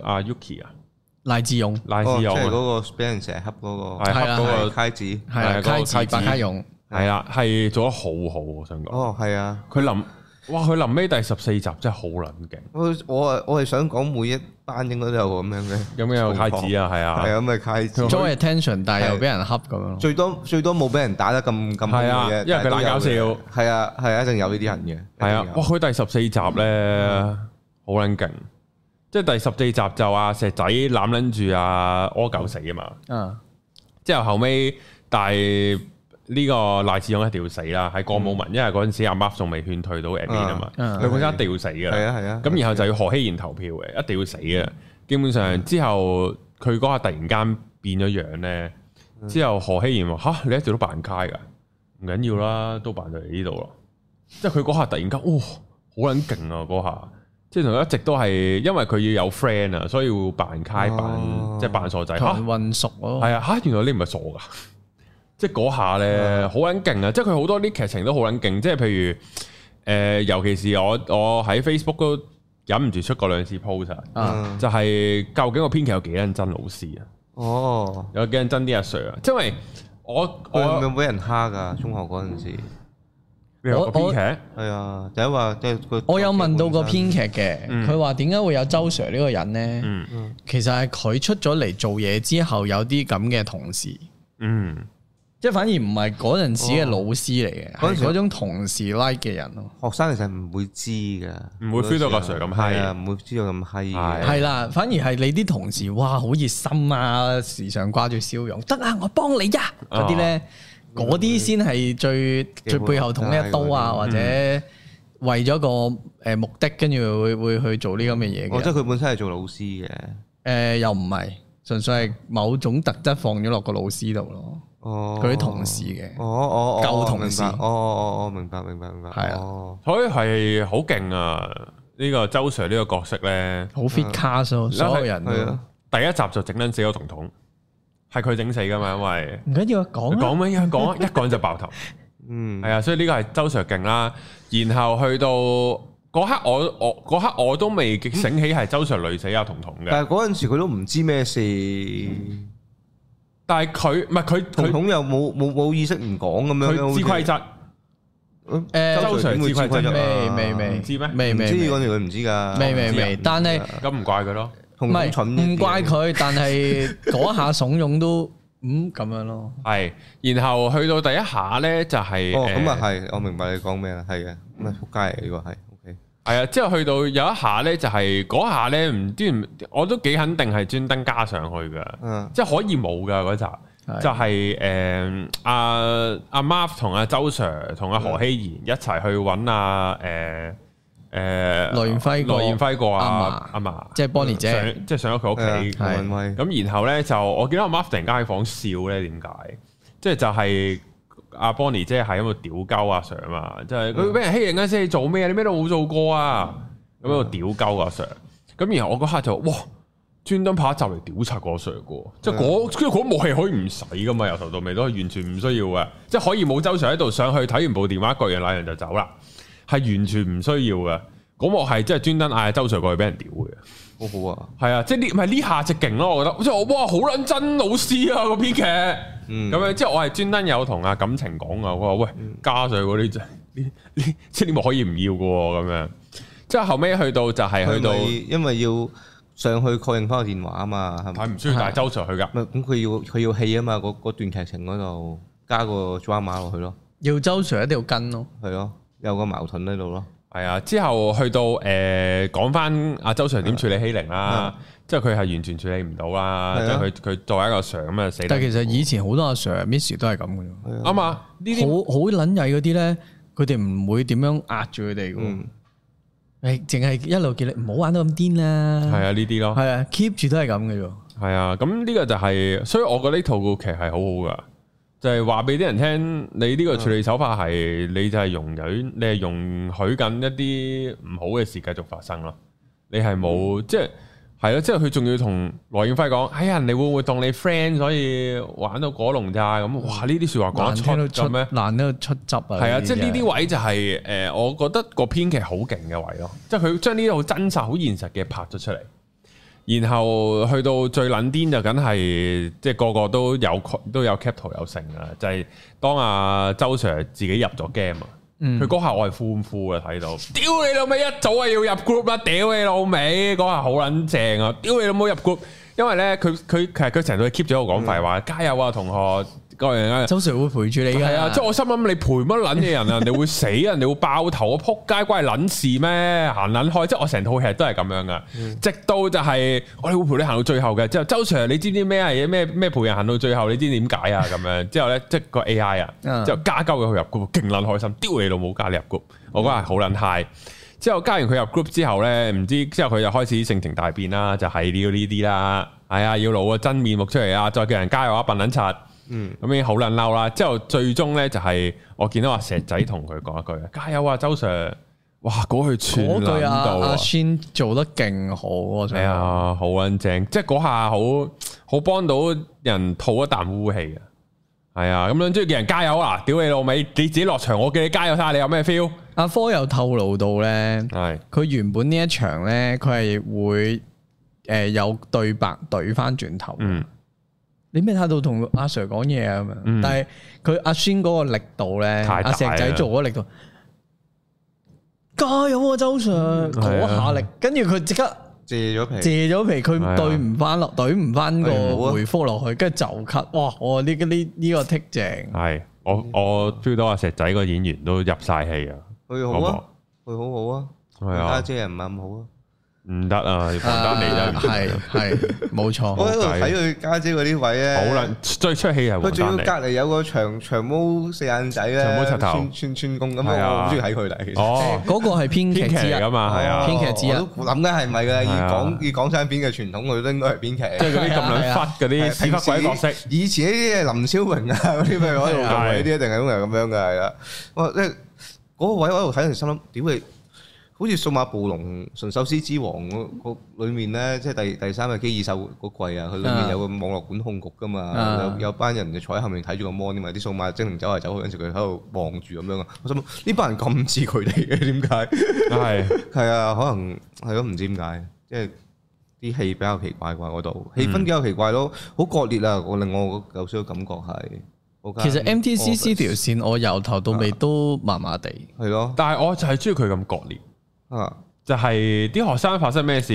Speaker 1: 阿 Yuki 啊，賴志勇，賴志勇，即係嗰
Speaker 3: 個俾人成日恰，嗰個係啊，嗰個 K
Speaker 1: 子，係啊，個泰子白卡勇，係啦，係做得好好，我想講。哦，係啊，佢臨，哇，佢臨尾第十四集真係好卵勁。
Speaker 3: 我我我係想講每一。班應該都有咁樣嘅，有咩有太子啊，係啊，係咁嘅太子，招
Speaker 1: attention，但又俾人恰咁樣，最
Speaker 3: 多最多冇俾人打得咁咁，係啊，因為佢打搞笑，係啊係啊，一定有呢啲人嘅，
Speaker 1: 係啊，哇！佢第十四集咧好撚勁，即係第十四集就阿石仔攬撚住阿柯狗死啊嘛，嗯，之後後尾。但係。呢個賴志勇一定要死啦，喺郭慕文，因為嗰陣時阿 Mark 仲未勸退到 Admin 啊嘛，佢本身一定要死嘅，係啊係啊，咁然後就要何熙賢投票嘅，一定要死嘅。基本上之後佢嗰下突然間變咗樣咧，之後何熙賢話：嚇你一直都扮街㗎，唔緊要啦，都扮到嚟呢度咯。即係佢嗰下突然間，哇，好撚勁啊嗰下！即係佢一直都係因為佢要有 friend 啊，所以要扮街、扮即係扮傻仔嚇
Speaker 2: 混熟咯，係啊嚇！
Speaker 1: 原來你唔係傻㗎。即嗰下咧，好捻勁啊！即係佢好多啲劇情都好捻勁，即係譬如誒、呃，尤其是我我喺 Facebook 都忍唔住出過兩次 post 啊，嗯、就係究竟個編劇有幾認真老師啊？哦，有幾認真啲阿 Sir 啊！因為
Speaker 3: 我我冇俾人蝦噶，中學嗰陣時我，我編劇係啊，就係、哎、話即係佢。我有問到個編劇嘅，佢
Speaker 2: 話點解會有周 Sir 呢個人咧？嗯、其實係佢出咗嚟做嘢之後，有啲咁嘅同事，嗯。即係反而唔係嗰陣時嘅老師嚟嘅，嗰陣時嗰種
Speaker 3: 同事 like 嘅人咯。學生其實唔會知嘅，唔會 feel 到個 Sir 咁 high 嘅，唔會知道咁 high 嘅。係啦，反
Speaker 2: 而係你啲同事，哇，好熱心啊，時常掛住笑容，得啊，我幫你呀，嗰啲咧，嗰啲先係最最背後捅一刀啊，或者為咗個誒目的，跟住會會去做呢咁嘅嘢。即係佢本身係做老師嘅，誒，又唔係，純粹係某種特質放咗落個老師度咯。哦，佢啲同事嘅，哦哦，哦哦，舊同事，哦
Speaker 3: 哦哦，明白明白明
Speaker 1: 白，係啊，所以係好勁啊！呢個周 Sir 呢個角色咧，好 fit cast 咯，所有人都第一集就整撚死個彤彤，係佢整死噶嘛，因為唔緊要，講講乜嘢，講一講就爆頭，嗯，係啊，所以呢個係周 Sir 勁啦，然後去到嗰刻我我，我嗰刻我都未醒起係周 Sir 女仔啊彤彤嘅，嗯、但係
Speaker 3: 嗰陣時佢都唔知咩事。嗯但係佢唔係佢，彤彤又冇冇冇意識唔講咁樣。佢知規則，
Speaker 1: 誒周祥知規則，未未未知咩？未未知嗰啲佢唔知㗎。未未未，但係咁唔怪佢咯。唔係唔怪佢，但係嗰下
Speaker 2: 慫恿都嗯咁樣咯。
Speaker 1: 係，然後去到第一下咧就係，咁啊係，我明白你講咩啦，係嘅，咩撲街嚟㗎係。係啊，之後去到有一下咧，就是，就係嗰下咧唔，知，我都幾肯定係專登加上去噶，即係、嗯、可以冇噶嗰集，的就係誒阿阿 Mark 同阿周 Sir 同阿何希賢一齊去搵阿誒誒羅燕輝羅燕輝個阿阿嫲，即係 Bonnie 姐，即係上咗佢屋企咁，然後咧就我見到阿 Mark 突然間喺房間笑咧，點解？即係就係、是就。是阿 Bonnie 即係喺度屌鳩阿 Sir 嘛，即係佢俾人欺人嗰、啊、先。 你做咩你咩都冇做過啊！咁喺度屌鳩阿 Sir，咁然後我嗰刻就哇，專登拍一集嚟屌查阿 Sir 噶， 即係嗰幕係可以唔使噶嘛，由頭到尾都係完全唔需要嘅，即係可以冇周 Sir 喺度上去睇完部電話，各樣那樣就走啦，係完全唔需要嘅。嗰幕係即係專登嗌周 Sir 過去俾人屌嘅。好好啊，係啊，即係呢係呢下就勁咯，我覺得即係我哇好撚真老師啊個編劇，咁樣即係我係專登有同阿感情講啊。我話喂加上去啲即係你咪可以唔要噶，咁樣即係後尾去到就係去到
Speaker 3: 因為要上去確認翻個電話啊嘛，係咪？係？唔需要帶周 Sir 去噶，咁佢要佢要戲啊嘛，嗰段劇情嗰度
Speaker 1: 加個 drama 落去咯，
Speaker 3: 要周 Sir 一定要跟咯，係咯、啊，有個矛盾喺度咯。
Speaker 1: 係啊，之後去到誒講翻阿周 sir 點處理欺凌啦，即係佢係完全處理唔到啦，即係佢佢作為一個 sir 咁啊死。但其實
Speaker 2: 以前好多阿 sir miss 都係咁嘅，啱啊的，呢啲好好撚曳嗰啲咧，佢哋唔會點樣壓住佢哋嘅，誒、嗯，淨係、哎、一路叫你唔好玩到咁癲啦。係啊，呢啲咯，係啊，keep 住都係咁嘅啫。
Speaker 1: 係啊，咁呢個就係、是，所以我覺得呢套劇係好好噶。就係話俾啲人聽，你呢個處理手法係，你就係容忍，你係容許緊一啲唔好嘅事繼續發生咯。你係冇，即係係咯，即係佢仲要同羅燕輝講，哎呀，人哋你會唔會當你 friend，所以玩到果龍咋咁？哇，呢啲說話講得出咩？
Speaker 2: 難聽到出，出汁啊！係啊，即係呢啲
Speaker 1: 位就係、是、誒、呃，我覺得個編劇好勁嘅位咯，即係佢將呢啲好真實、好現實嘅拍咗出嚟。然後去到最撚癲就梗係，即係個個都有都有 capital 有剩、就是、啊！就係當阿周 sir 自己入咗 game 啊、嗯，佢嗰下我係歡呼嘅，睇到，屌、嗯、你老味一早啊要入 group 啦，屌你老味嗰下好撚正啊！屌你老母入 group，因為咧佢佢其實佢成日都 keep 咗喺度講廢話，加油啊同學！個人啊，周 Sir 會陪住你噶，係啊，即係 我心諗你陪乜卵嘢人,人,人啊？你會死啊？你會爆頭啊？仆街關係卵事咩？行卵開，即係我成套劇都係咁樣噶。直到就係我哋會陪你行到最後嘅。之後周 Sir，你知唔知咩啊？而咩咩陪人行到最後，你知點解啊？咁樣之後咧，即係個 AI 啊，之後加鳩佢入 group，勁卵開心，丟你老母加你入 group，我覺得係好卵 high 之後加完佢入 group 之後咧，唔知之後佢就開始性情大變啦，就係要呢啲啦，係啊，要露個真面目出嚟啊，再叫人加油啊，笨卵柒！嗯，咁樣好撚嬲啦！之後最終咧就係我見到阿石仔同佢講一句： 加油啊，周 sir！哇，嗰、那個、句串啊，阿軒做得勁好啊！係啊，好撚正，即係嗰下好好幫到人吐一啖污氣啊！係、哎、啊，咁樣中意叫人加油啊！屌你老味，你自己落場，我叫你加油，睇下，你有咩 feel？阿科、啊、又透露
Speaker 2: 到咧，係佢是原本呢一場咧，佢係會誒、呃、有對白懟翻轉頭。嗯。你咩態度同阿 Sir 講嘢啊？咁樣，但係佢阿宣嗰個力度咧，阿石仔做嗰力度，加油啊，周 Sir、嗯，嗰下力，跟住佢即刻借咗皮，借咗皮，佢對唔翻落，懟唔翻個回覆落去，跟住就咳，哇！我呢個呢呢個剔淨，
Speaker 1: 係我我 feel 到阿石仔個演員都入晒戲啊，佢好啊，
Speaker 3: 佢好好啊，家姐唔係咁好啊。
Speaker 1: 唔得啊！黃家利啊，係係冇錯。我喺度睇佢
Speaker 3: 家姐嗰啲位咧，好啦，
Speaker 1: 最出戲係黃家利。佢仲要隔
Speaker 3: 籬有個長長毛四眼仔咧，長毛柒頭串串串貢，咁我好中意睇佢哋。哦，嗰個係編劇啊嘛，係啊，編劇。我都諗緊係咪噶？以港以港產片嘅傳統，佢都應該係編劇。即係嗰啲咁兩忽嗰啲屎忽鬼角色，以前呢啲係林超榮啊嗰啲咪喺度做呢啲，一定係咁樣噶，係啊，我即係嗰個位喺度睇，我哋心諗，點會！好似數碼暴龍、純壽司之王嗰裏面咧，即係第第三個機二手嗰季啊，佢裏面有個網絡管控局噶嘛，有有班人就坐喺後面睇住個 mon，同埋啲數碼精靈走嚟走去，跟住佢喺度望住咁樣啊。我想呢班人咁似佢哋嘅，點解？係係啊，可能係咯，唔知點解，即係啲戲比較奇怪啩，嗰度氣氛比較奇怪咯，好割裂啊！我令我有少少感覺係，其實 MTCC 條
Speaker 1: 線我由頭到尾都麻麻地，係咯。但係我就係中意佢咁割裂。啊！就係啲學生發生咩事，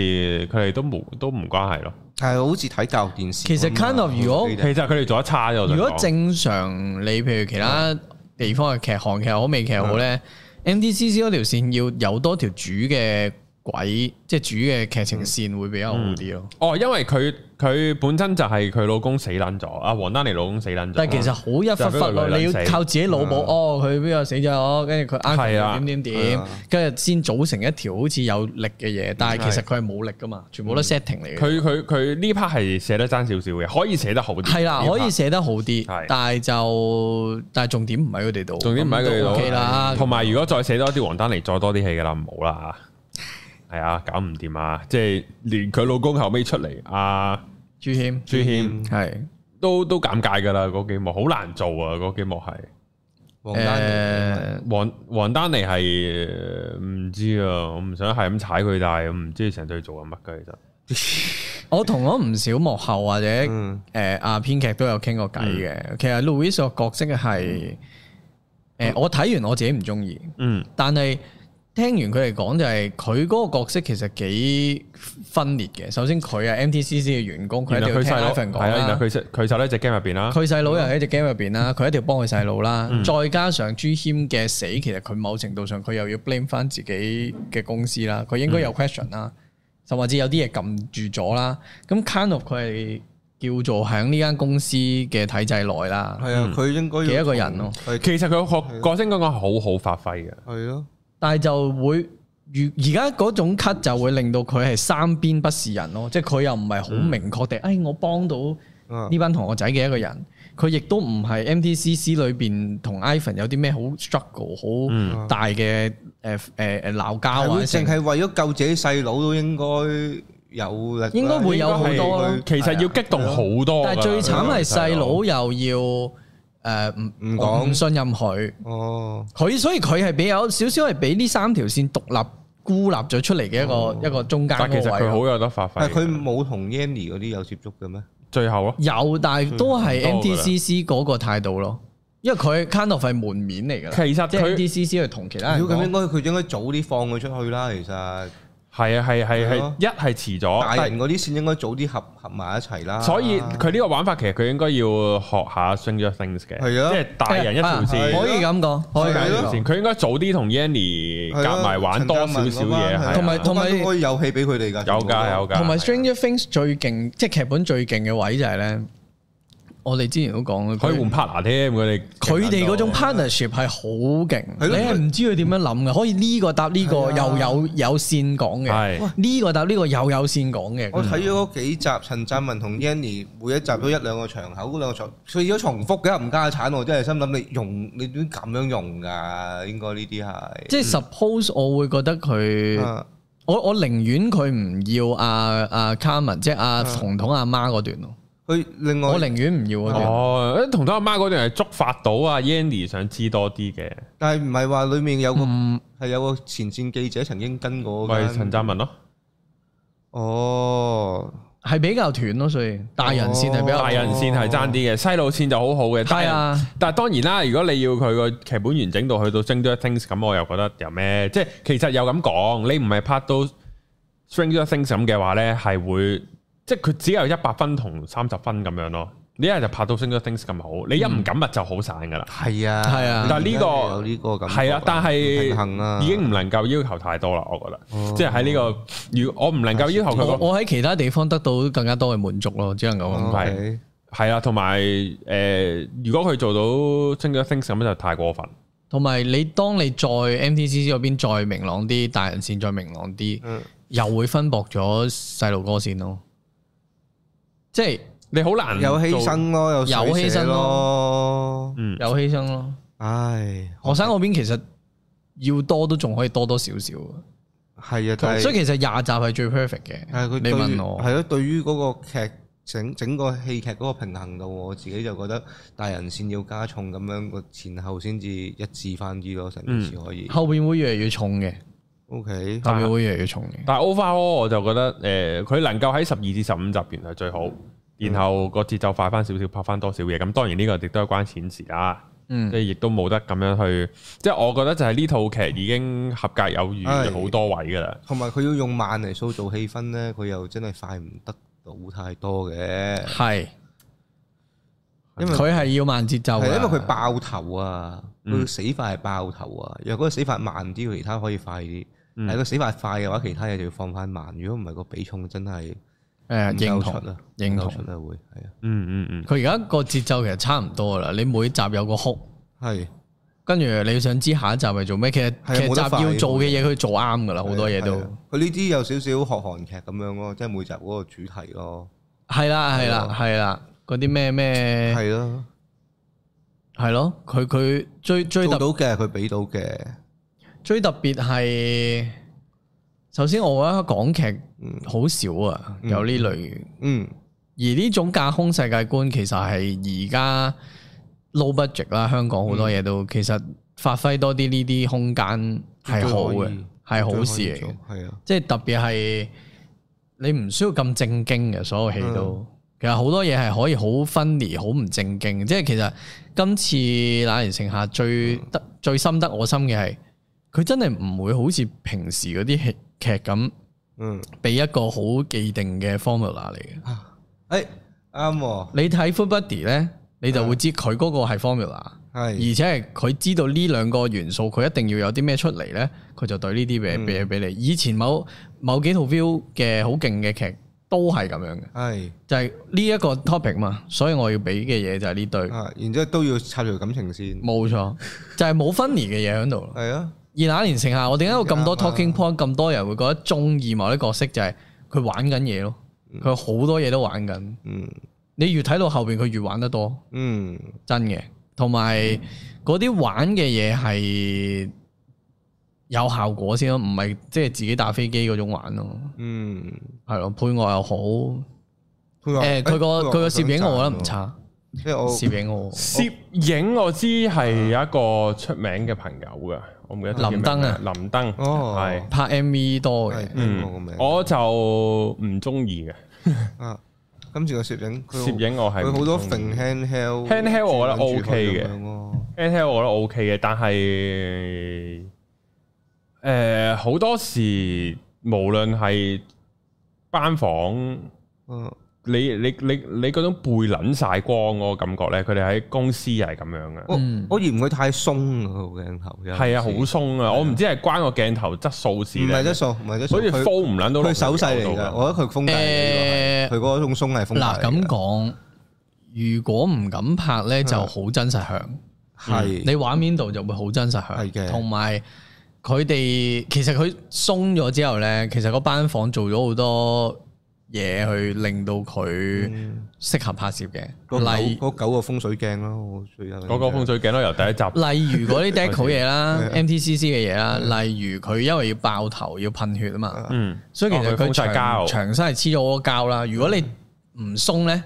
Speaker 1: 佢哋都冇都唔關係咯。係好似睇教育電視。嗯、其實 Kind of 如果其實佢哋做得差咗。如果
Speaker 2: 正常，你譬如其他地方嘅劇，韓、嗯、劇好、美劇好咧、嗯、MDCC 嗰條線要有多條主嘅軌，即係主嘅劇情線會比較好啲咯、
Speaker 1: 嗯。哦，因為佢。佢本身就係佢老公死撚咗，阿、啊、王丹妮老公死撚咗。但係其實好一忽忽咯，你要靠自己腦補、啊
Speaker 2: 哦。哦，佢邊個死咗？跟住佢啱啱點點點，跟住先組成一條好似有力嘅嘢。是啊、但係其實佢係冇力噶嘛，全部都 setting 嚟。佢佢佢
Speaker 1: 呢 part 係寫得爭少少嘅，可以寫得好啲。係啦、啊，可以
Speaker 2: 寫得好啲是、啊。但係就但係重點唔喺佢哋度。重點唔喺佢哋度。O K 啦，
Speaker 1: 同埋如果再寫多啲王丹妮，再多啲戲嘅啦，唔好啦嚇。係啊，搞唔掂啊！即係連佢老公後屘出嚟，阿朱謙，朱謙係都都尷尬噶啦，嗰幾幕好難做啊，嗰幾幕係。誒，王王丹妮係唔、呃、知啊，我唔想係咁踩佢，但係我唔知成日都做緊乜噶其實。 我
Speaker 2: 同咗唔少幕後或者誒阿編劇都有傾過偈嘅，其實 Louis 個角色係誒、呃、我睇完我自己唔中意，嗯，但係。聽完佢哋講就係佢嗰個角色其實幾分裂嘅。首先佢係 MTCC 嘅員工，佢喺度聽阿 Owen 講佢
Speaker 1: 佢細佬隻 game 入邊啦。佢細佬又喺
Speaker 2: 隻 game 入邊啦，佢一定要幫佢細佬啦。再加上朱謙嘅死，其實佢某程度上佢又要 blame 翻自己嘅公司啦。佢應該有 question 啦、嗯，甚或者有啲嘢撳住咗啦。咁 kind of 佢係叫做喺呢間公司嘅體制內啦。係啊、嗯，佢應該
Speaker 1: 幾一個人咯。嗯、其實佢個角色講講好好發揮嘅。係咯。
Speaker 2: 但係就會，而而家嗰種 cut 就會令到佢係三邊不是人咯，即係佢又唔係好明確地，誒、嗯哎、我幫到呢班同學仔嘅一個人，佢亦都、嗯、唔係 MTCC 裏邊同 Ivan 有啲咩好 struggle 好大嘅誒誒誒
Speaker 3: 鬧交，淨係、嗯、為咗救自己細佬都應該有，應該會有好多其實要激動好多，的但係最慘係細佬
Speaker 2: 又要。
Speaker 3: 誒
Speaker 1: 唔唔講唔信
Speaker 2: 任佢，哦，佢所以佢係比有少少係俾呢三條線獨立孤立咗出嚟嘅一個、哦、一個中間。但其實佢好有得
Speaker 1: 發揮，佢
Speaker 3: 冇同 Yanny 嗰啲有接觸嘅咩？最後咯、啊，有，但係都係 NTCC 嗰個態度咯，
Speaker 2: 以因為佢 Candle 係門面嚟㗎。其實 NTCC
Speaker 3: 佢同其他人如果佢應該佢應該早啲放
Speaker 1: 佢出去啦，其實。係啊，係係係，一係遲咗，大人
Speaker 3: 嗰啲線應該早啲合合埋一齊啦。所以
Speaker 1: 佢呢個玩法其實佢應該要學下《Stranger Things》嘅，即係大人一條線，可以咁講，係咯。佢應該早啲同 Yanny 夾埋玩多少少嘢，同埋同埋有遊戲俾佢哋㗎，有㗎有㗎。同
Speaker 2: 埋《Stranger Things》最勁，即係劇本最勁嘅位就係咧。我哋之前都講過，可以換
Speaker 1: partner 添。佢哋佢哋嗰種
Speaker 2: partnership 係好勁，你係唔知佢點樣諗嘅。可以呢個答呢個又有
Speaker 3: 有線講嘅，呢個答呢個又有線講嘅。我睇咗幾集陳湛文同 Yanny，每一集都一兩個場口，嗰兩個場佢有重複嘅唔家產，我真係心諗你用你點咁樣，樣用㗎？應該呢啲係即係 suppose，我會
Speaker 2: 覺得佢、啊、我我寧願佢唔要阿、啊、阿、啊、Carmen，即係阿彤彤
Speaker 1: 阿媽嗰段咯。佢另外，我寧願唔要啊！哦，同佢阿媽嗰段係觸發到啊 Yanny 想知多啲嘅。
Speaker 3: 但係唔係話裡面有個係有個前線記
Speaker 1: 者曾經跟過佢。係陳湛文咯。哦，
Speaker 3: 係比
Speaker 2: 較斷咯，所以大人線係比較大人線係爭啲
Speaker 1: 嘅，細路線就好好嘅。係啊。但係當然啦，如果你要佢個劇本完整到去到《Stranger Things》咁，我又覺得有咩？即係其實有咁講，你唔係拍到《Stranger Things》咁嘅話咧，係會。即係佢只有一百分同三十分咁樣咯，呢一就拍到《Stranger Things》咁好，你一唔敢物就好散噶啦。係、嗯、啊，係、這個、啊，啊。但係呢個呢個係啊，但係已經唔能夠要求太多啦。我覺得，哦、即係喺呢個要我唔能夠要求佢、那個。我喺其他地方得到更加多嘅滿足咯，只能夠係係啊。同埋誒，如果佢做到《Stranger Things》咁就太過分。
Speaker 2: 同埋你當你再 MTCC 嗰邊再明朗啲，大人線再明朗啲，嗯、又會分薄咗細路哥線咯。即係你好難有犧牲咯，有犧牲咯，嗯，有犧牲咯。唉，學生嗰邊其實要多都仲可以多多少少。
Speaker 3: 係啊，所以其
Speaker 2: 實廿集係最 perfect 嘅。係佢，你問我
Speaker 3: 係咯，對於嗰個劇整整個戲劇嗰個平衡度，我自己就覺得大人線要加重咁樣個前後先至一致翻啲咯，成件事可以。嗯、後邊會越嚟越重嘅。OK，但係會越嚟
Speaker 1: 越重。但係 Over 我就覺得誒，佢、呃、能夠喺十二至十五集完係最好，嗯、然後個節奏快翻少少，拍翻多少嘢。咁當然呢個亦、嗯、都係關錢事啦，即係亦都冇得咁樣去。即係我覺得就係呢套劇已經合格有餘，好多位噶啦。
Speaker 3: 同埋佢要用慢嚟塑造氣氛咧，佢又真係快唔得到太多嘅。係、嗯，
Speaker 2: 因為佢係要慢節奏，因為佢
Speaker 3: 爆頭啊，佢死法係爆頭啊。若果死法慢啲，其他可以快啲。係個死法快嘅話，其他嘢就要放翻慢。如果唔係個比重真係，誒，認同
Speaker 2: 啊，認同啊，會係啊。嗯嗯嗯，佢而家個節奏其實差唔多啦。你每集有個哭，係跟住你想知下一集係做咩？其實其實劇集要做嘅嘢佢做啱噶啦，好多嘢都。
Speaker 3: 佢呢啲有少少學韓劇咁樣咯，即係每集嗰個主題咯。
Speaker 2: 係啦係啦係啦，嗰啲咩咩係咯，係咯，佢佢追追到嘅佢俾到嘅。最特別係，首先我覺得港劇好少啊，有呢類。嗯，嗯而呢種架空世界觀其實係而家 low budget 啦，香港好多嘢都、嗯、其實發揮多啲呢啲空間係好嘅，係好事嚟嘅。係啊，即係特別係你唔需要咁正經嘅所有戲都，嗯、其實好多嘢係可以好分離、好唔正經。即係其實今次那年盛夏最得、嗯、最深得我心嘅係。佢真係唔會好似平時嗰啲劇咁，嗯，俾一個好既定嘅 formula 嚟嘅。誒，啱，你睇《Food Buddy》咧，你就會知佢嗰個係 formula，係、嗯，而且係佢知道呢兩個元素，佢一定要有啲咩出嚟咧，佢就對呢啲嘢，嘢俾你。以前某某幾套 view 嘅好勁嘅劇都係咁樣嘅，係，就係呢一個 topic 嘛，所以我要俾嘅嘢就係呢對，然之後都要插入感情線，冇錯，就係冇分離嘅嘢喺度，係啊。而那年盛夏，我點解會咁多 talking point，咁多人會覺得中意某啲角色，就係佢玩緊嘢咯。佢好多嘢都玩緊。嗯，你越睇到後邊，佢越玩得多。嗯，真嘅。同埋嗰啲玩嘅嘢係有效果先咯，唔係即係自己打飛機嗰種玩咯。嗯，係咯，配樂又好。
Speaker 1: 誒，佢個佢個攝影，我覺得唔差。即攝影，我攝影，我知係有一個出名嘅朋友噶。我唔記得林登啊，林登，係、哦、是拍 M V 多嘅，嗯，我，我就唔中意嘅。嗯，
Speaker 3: 跟住個攝影，攝影我係佢好多。handheld，handheld 我覺得 O K 嘅
Speaker 1: ，handheld 我覺得 O K 嘅，但係誒好多時無論係班房，嗯。你你你你嗰種背撚晒光嗰個感覺咧，佢哋喺公司又係咁樣嘅。我
Speaker 3: 嫌我嫌佢太鬆個鏡頭。係啊，好
Speaker 1: 鬆啊！的我唔知係關個鏡頭質素事。唔係質素，唔係質素。所以他風唔撚到。佢手勢嚟㗎，我覺
Speaker 3: 得佢風大。誒、呃，佢嗰種
Speaker 2: 鬆係風。嗱，咁講，如果唔敢拍咧，就好真實響。係的、嗯。你畫面度就會好真實響。係嘅的。同埋佢哋其實佢鬆咗之後咧，其實嗰班房做咗好多嘢去令到佢適合拍攝嘅，嗰九
Speaker 3: 嗰九個風水鏡咯，我最嗰個風水
Speaker 1: 鏡咯，由第一集。例如嗰啲 deco 嘢啦
Speaker 2: ，MTCC 嘅嘢啦，例如佢因為要爆頭要噴血啊嘛，嗯、
Speaker 1: 所以其實佢長長
Speaker 2: 身係黐咗個膠啦。如果你唔鬆咧，嗯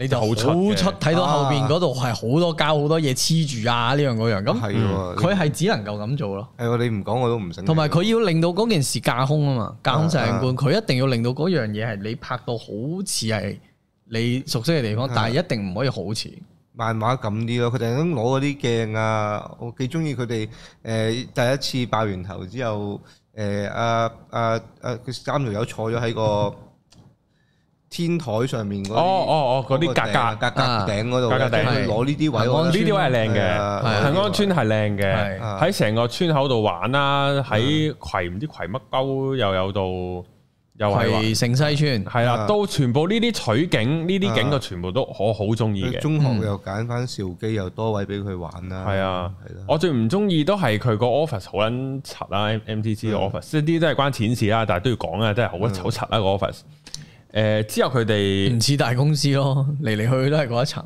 Speaker 2: 你就好出睇，啊、到後邊嗰度係好多膠好多嘢黐住啊！呢樣嗰樣咁，佢、嗯、係的只能夠咁做咯。係喎，你唔講我都唔醒。同埋佢要令到嗰件事架空啊嘛，架空世界觀。佢、啊、一定要令到嗰樣嘢係你拍到好似係
Speaker 3: 你熟悉嘅地方，啊、但係一定唔可以好似漫畫咁啲咯。佢哋咁攞嗰啲鏡啊，我幾中意佢哋。誒、呃，第一次爆完頭之後，誒、呃、啊啊啊，啊，啊，啊！三條友坐咗喺個。 天台上面嗰哦哦哦嗰啲格格格格頂嗰度格格頂攞呢啲位，呢啲位係靚嘅，係恒安
Speaker 1: 村係靚嘅，喺成個村口度玩啦，喺葵唔知葵乜鳩又有度，又係城西村係啦，到全部呢啲取景呢啲景就全部都我好中意嘅。中學又揀翻兆基又多位俾佢玩啦，係啊，我最唔中意都係佢個 office 好撚柒啦，MTC office 即啲都係關錢事啦，但係都要講啊，真係好鬼醜柒啦個 office。誒，之後佢哋唔似大公司咯，嚟嚟去去都係嗰一層。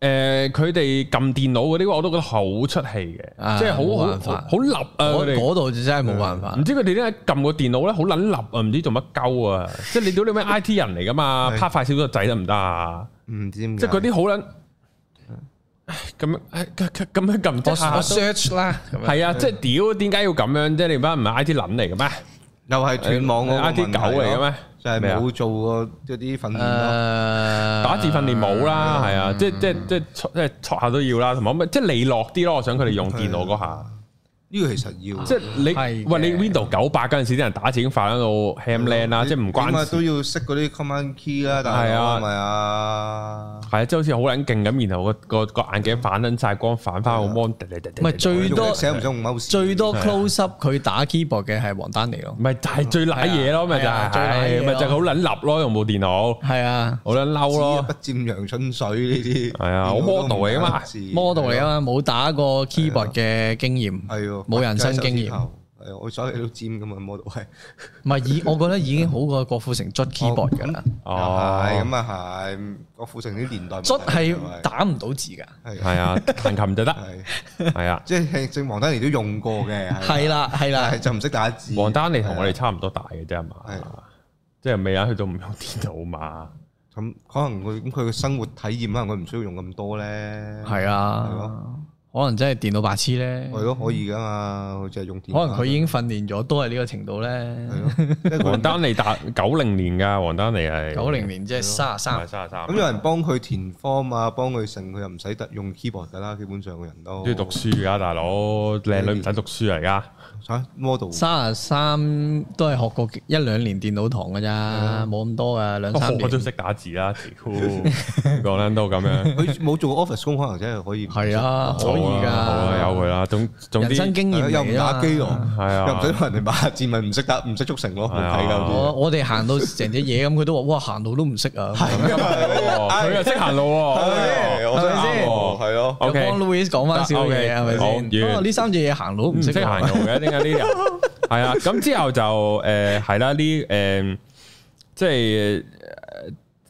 Speaker 1: 誒，佢哋撳電腦嗰啲我都覺得好出戲嘅，即係好冇辦法，好立啊！我哋嗰度就真係冇辦法。唔知佢哋點解撳個電腦咧，好撚立啊！唔知做乜鳩啊！即係你屌你咩 I T 人嚟噶嘛？拍快少少個仔得唔得啊？唔知，即係嗰啲好撚。咁樣，咁樣撳多 search
Speaker 3: 啦。係啊，即係
Speaker 1: 屌，點解要咁樣？即係你班唔係 I T 撚嚟嘅咩？又係斷網嗰 I T 狗嚟嘅咩？就係冇做過即
Speaker 3: 係啲訓練
Speaker 1: 咯，啊，uh, 打字訓練冇啦，係、uh, 啊，嗯，即即即即坐下都要啦，同埋即係利落啲，我想佢哋用電腦嗰下。呢個其實要，即係你喂你 Window 九八嗰陣時啲人打字已經快到 h a n d l i n 啦，即係唔關事都
Speaker 3: 要識嗰啲 command key 啦。但係啊，
Speaker 1: 係啊，係啊，即係好似好撚勁咁，然後個個眼鏡反撚曬光，反翻個 mon。唔係最多，
Speaker 2: 最多 close up 佢打 keyboard 嘅係王丹妮咯。
Speaker 1: 唔係就係最懶嘢咯，咪就係咪就係好撚立咯，用部電腦。係啊，好撚嬲咯，不沾陽春水呢啲。係啊，我 model 嚟啊嘛，model 嚟啊嘛，
Speaker 2: 冇打過 keyboard 嘅經驗。係。冇人生經驗，
Speaker 3: 誒，我所有都尖㗎嘛，model 係，
Speaker 2: 唔係，已，我覺得已經好過郭富城捽 keyboard 㗎啦。哦，
Speaker 3: 咁啊係，郭富城啲年代捽係打唔到字㗎，係啊，
Speaker 1: 彈琴就得，係啊，
Speaker 3: 即係正王丹妮都用過嘅，係啦，係啦，就
Speaker 1: 唔識打字。王丹妮同我哋差唔多大嘅啫嘛，即係未啊去到唔用電腦嘛，
Speaker 3: 咁可能佢咁佢嘅生活體驗可能佢唔需要用咁多咧。係啊。
Speaker 2: 可能真係電腦白痴呢？係咯，可以噶嘛，佢就係用電腦。可能佢已經訓練咗，都係
Speaker 3: 呢個程度呢。
Speaker 1: 係的 王丹妮，達九零年噶，王丹妮係九零年即係卅三，卅三。咁有人
Speaker 3: 幫佢填 form 啊，幫佢成，佢又唔使用，用 keyboard 噶、啊、啦，基本上個
Speaker 1: 人都。中意讀書㗎，大佬，靚女唔使讀書啊而家。吓 model 三啊三
Speaker 2: 都係學過一兩年電腦堂嘅咋，冇咁多啊兩三年。我都識
Speaker 1: 打字啦，講得都咁樣。佢
Speaker 3: 冇做過 office 工可能真係可以。係啊，可以噶，有
Speaker 1: 佢啦。總總人生經驗又唔打機喎，係啊。又唔使問
Speaker 3: 人哋打字
Speaker 2: 咪唔識打，唔識速成咯。我我哋行到成隻嘢咁，佢都話哇行路都唔識啊。係佢
Speaker 1: 又識行路，我想知。哦，係咯。Louis 講翻少嘢係咪呢三樣
Speaker 2: 嘢行路唔識行路嘅，點解呢啲
Speaker 1: 係啊？咁之後就誒係啦，呢誒即係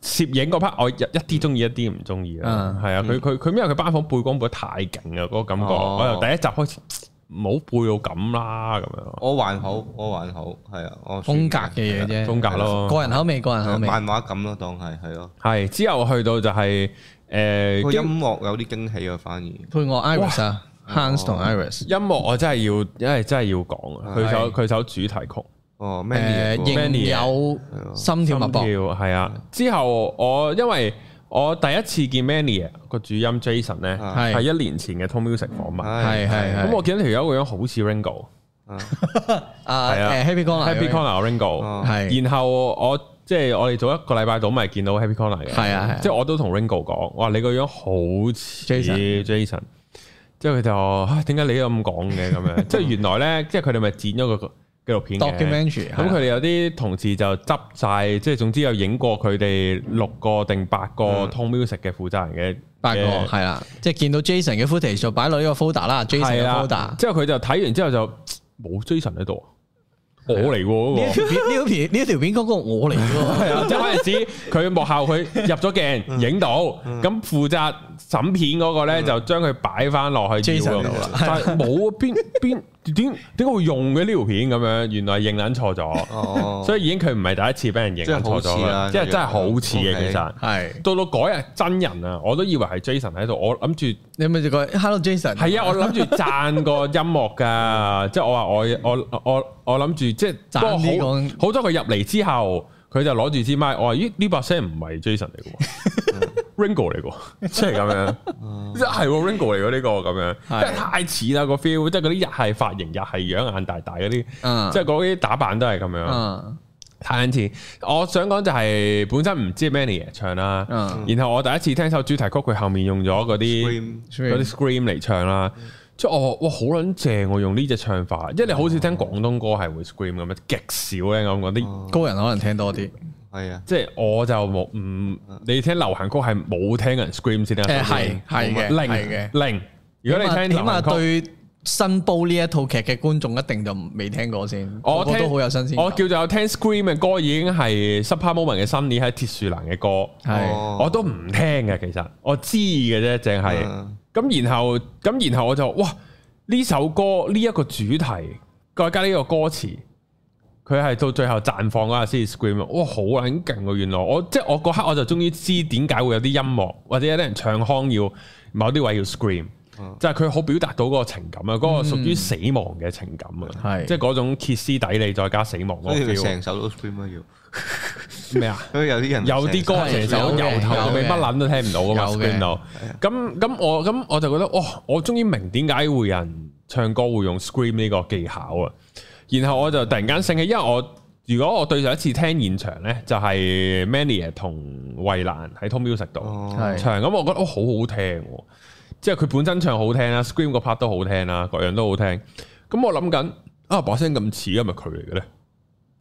Speaker 1: 攝影嗰 part，我一啲中意一啲唔中意啊。係啊，佢佢佢因為佢班房背光背得太勁啊，嗰個感覺，我由第一集開始冇背到咁啦，咁樣。我還好，我還好，係啊，風格嘅嘢啫，風格咯，個人口味，個人口味，漫畫咁咯，當係係咯，係之後去到就係。誒，音樂有啲驚喜啊，反而配我 Iris 啊，Hans 同 Iris。音樂我真係要，因為真係要講啊。佢首佢首主題曲，哦 Many，Many 有心跳脈搏，係啊。之後我因為我第一次見 Many 個主音 Jason 咧，係一年前嘅 Top Music 房嘛。係係。咁我見到條友個樣好似 Ringo，係啊，Happy Corner，Happy Corner，Ringo，然後我。即係我哋早一個禮拜度，咪見到 Happy Corner 嘅。係啊，啊即係我都同 Ringo 講，哇！你個樣好似 Jason。之後佢就點解、啊、你都咁講嘅咁樣？即係原來咧，即係佢哋咪剪咗個紀錄片嘅。咁佢哋有啲同事就執晒，即係總之有影過佢哋六個定八個 Tone Music 嘅負責人嘅八個。係啦的，啊、
Speaker 2: 即係見到 Jason 嘅 Footage 就
Speaker 1: 擺落呢個 folder 啦 fold、er。Jason 嘅 folder。之後佢就睇完之後就冇 Jason 喺度。我嚟喎，呢條片
Speaker 2: 呢條、這個、片呢條、這個、片嗰個我嚟
Speaker 1: 喎，係啊，即係嗰陣時佢幕後佢入咗鏡影到，咁 負責審片嗰個咧就將佢擺翻落去照嗰度啦，但係冇邊邊。 點點解會用嘅呢條片咁樣？原來認捻錯咗，哦，所以已經佢唔係第一次俾人認捻錯咗啦，即係真係好似嘅，其實係。Okay, 到到嗰日真人啊，我都以為係 Jason 喺度，我諗住你咪就講 Hello Jason。係啊，我諗住贊個音樂㗎，即係 我話我我我我諗住即係贊好。好多佢入嚟之後。佢就攞住支麥，我話：咦，呢把聲唔係 Jason 嚟嘅，Ringo 嚟嘅，即係咁樣，即係係 Ringo 嚟嘅呢個咁樣， 即係太似啦、個 feel，即係嗰啲日系髮型，日系樣眼大大嗰啲，即係嗰啲打扮都係咁樣，嗯、太似。我想講就係本身唔知咩嚟唱啦、啊，嗯、然後我第一次聽首主題曲，佢後面用咗嗰啲嗰啲 scream 嚟唱啦、啊。即我，哇，好撚正，我用呢隻唱法，因為你好少聽廣東歌係會 scream 咁樣，極少咧。我講啲高人可能聽多啲，係啊，即係我就冇唔、嗯、你聽流行歌係冇聽人 scream 先啊，係係嘅零嘅零，零。如果你聽流行歌。對。
Speaker 2: 新煲呢一套劇嘅觀眾一定就未聽過先，我，聽我覺得都好有新鮮。我
Speaker 1: 叫做有聽 Scream 嘅歌已經係 Super Moment 嘅心理，喺鐵樹蘭嘅歌，係是、哦、我都唔聽嘅。其實我知嘅啫，淨係咁然後咁然後我就哇呢首歌呢一、這個主題，再加呢個歌詞，佢係到最後綻放嗰下先。Scream，哇好呀勁！原來我即係、就是、我嗰刻我就終於知點解會有啲音樂或者有啲人唱腔要某啲位要 Scream。就係佢好表達到嗰個情感啊，嗰、那個屬於死亡嘅情感啊，嗯、即係嗰種歇斯底里再加死亡嗰個 feel 成
Speaker 3: 首都 scream 咯。
Speaker 1: 要咩啊？有啲人有啲些歌成是首都由頭到尾乜撚都聽唔到啊嘛 scream 到咁，咁我咁我就覺得哇、哦！我終於明點解會有人唱歌會用 scream 呢個技巧啊！然後我就突然間醒起，因為我如果我對上一次聽現場咧，就係、是、Mania 同衞蘭喺 Tommy Music 度唱，咁、哦、我覺得、哦、好好聽、哦。即係佢本身唱好聽啦，scream 個 part 都好聽啦，各樣都好聽。咁、嗯、我諗緊啊，把聲咁似，係咪佢嚟嘅咧？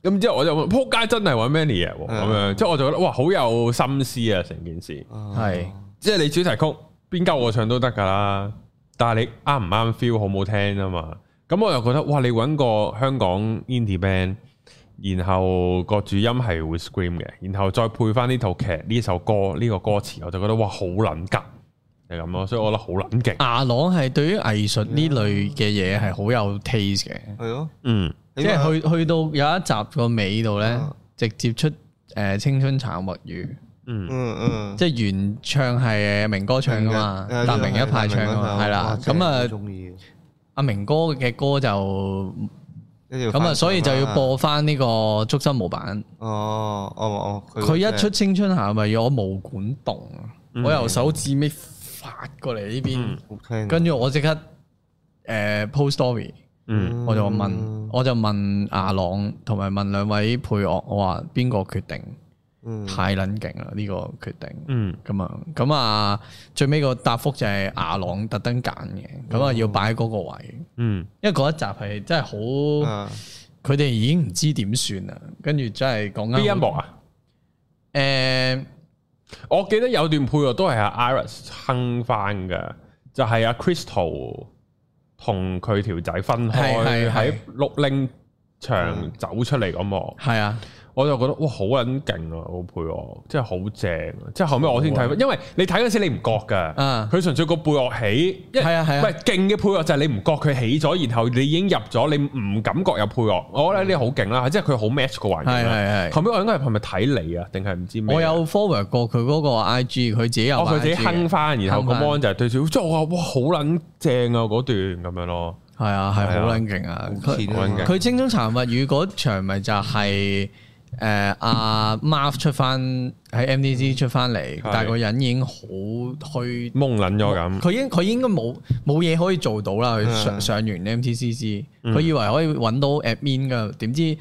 Speaker 1: 咁、嗯、之後我就仆街真係搵 Manny 啊，咁樣。即係我就覺得哇，好有心思啊，成件事係、哦。即係你主題曲邊間我唱都得噶啦，但係你啱唔啱 feel 好冇聽啊嘛？咁、嗯、我又覺得哇，你搵個香港 indie band，然後個主音係會 scream 嘅，然後再配翻呢套劇呢首歌呢、呢個歌詞，我就覺得哇，好捻急。」係咁咯，所以我覺得好冷靜。阿朗係對於藝術呢類嘅嘢係好有 taste 嘅，係咯，
Speaker 2: 嗯，即係去去到有一集個尾度咧，直接出誒青春殘酷物語，嗯嗯嗯，
Speaker 3: 即
Speaker 2: 係原唱係明哥唱噶嘛，達明一派唱噶嘛係啦，咁啊，阿明哥嘅歌就咁啊，所以就要播翻呢個竹心模板。哦哦哦，佢一出青春下咪有我毛管動，我由手指尾。發過嚟呢邊，跟住 Okay. 我即刻誒、呃、post story，、mm. 我就問，我就問阿朗同埋問兩位配樂，我話邊、mm. 個個決定？太冷靜啦呢個決定。咁啊，咁啊，最尾個答覆就係阿朗特登揀嘅，咁、mm. 啊要擺喺嗰個位。Mm. 因為嗰一集係真係好，佢哋、mm. 已經
Speaker 1: 唔知點算啦。跟住真係講緊。B 音博啊？誒、嗯。我記得有段配樂都係阿 Iris 哼翻嘅，就係、是、阿 Crystal 同佢條仔分開喺是六令場走出嚟嗰幕。係、嗯、啊。我就覺得哇，好撚勁啊！配樂真係好正，啊。即係後尾我先睇，因為你睇嗰時你唔覺㗎。佢純粹個配樂起，係啊係，唔係勁嘅配樂就係你唔覺佢起咗，然後你已經入咗，你唔感覺有配樂。我覺得你好勁啦，即係佢好 match 個環境。係係後尾我應該係咪睇你啊？定係唔知咩？我有
Speaker 2: forward 過佢嗰個
Speaker 1: IG，佢自己有，佢自己哼翻，然後個 mon 就係對住，即係我話哇，好撚正啊嗰段咁樣咯。係啊，係好撚勁啊！佢佢
Speaker 2: 青中茶物語嗰場咪就係。誒，阿、uh, Mark 出翻喺 MTCC 出翻嚟，是但係個人已經好虛蒙捻咗咁。佢應佢應該冇冇嘢可以做到啦。佢上上完 MTCC，佢、嗯、以為可以揾到 admin 噶，點知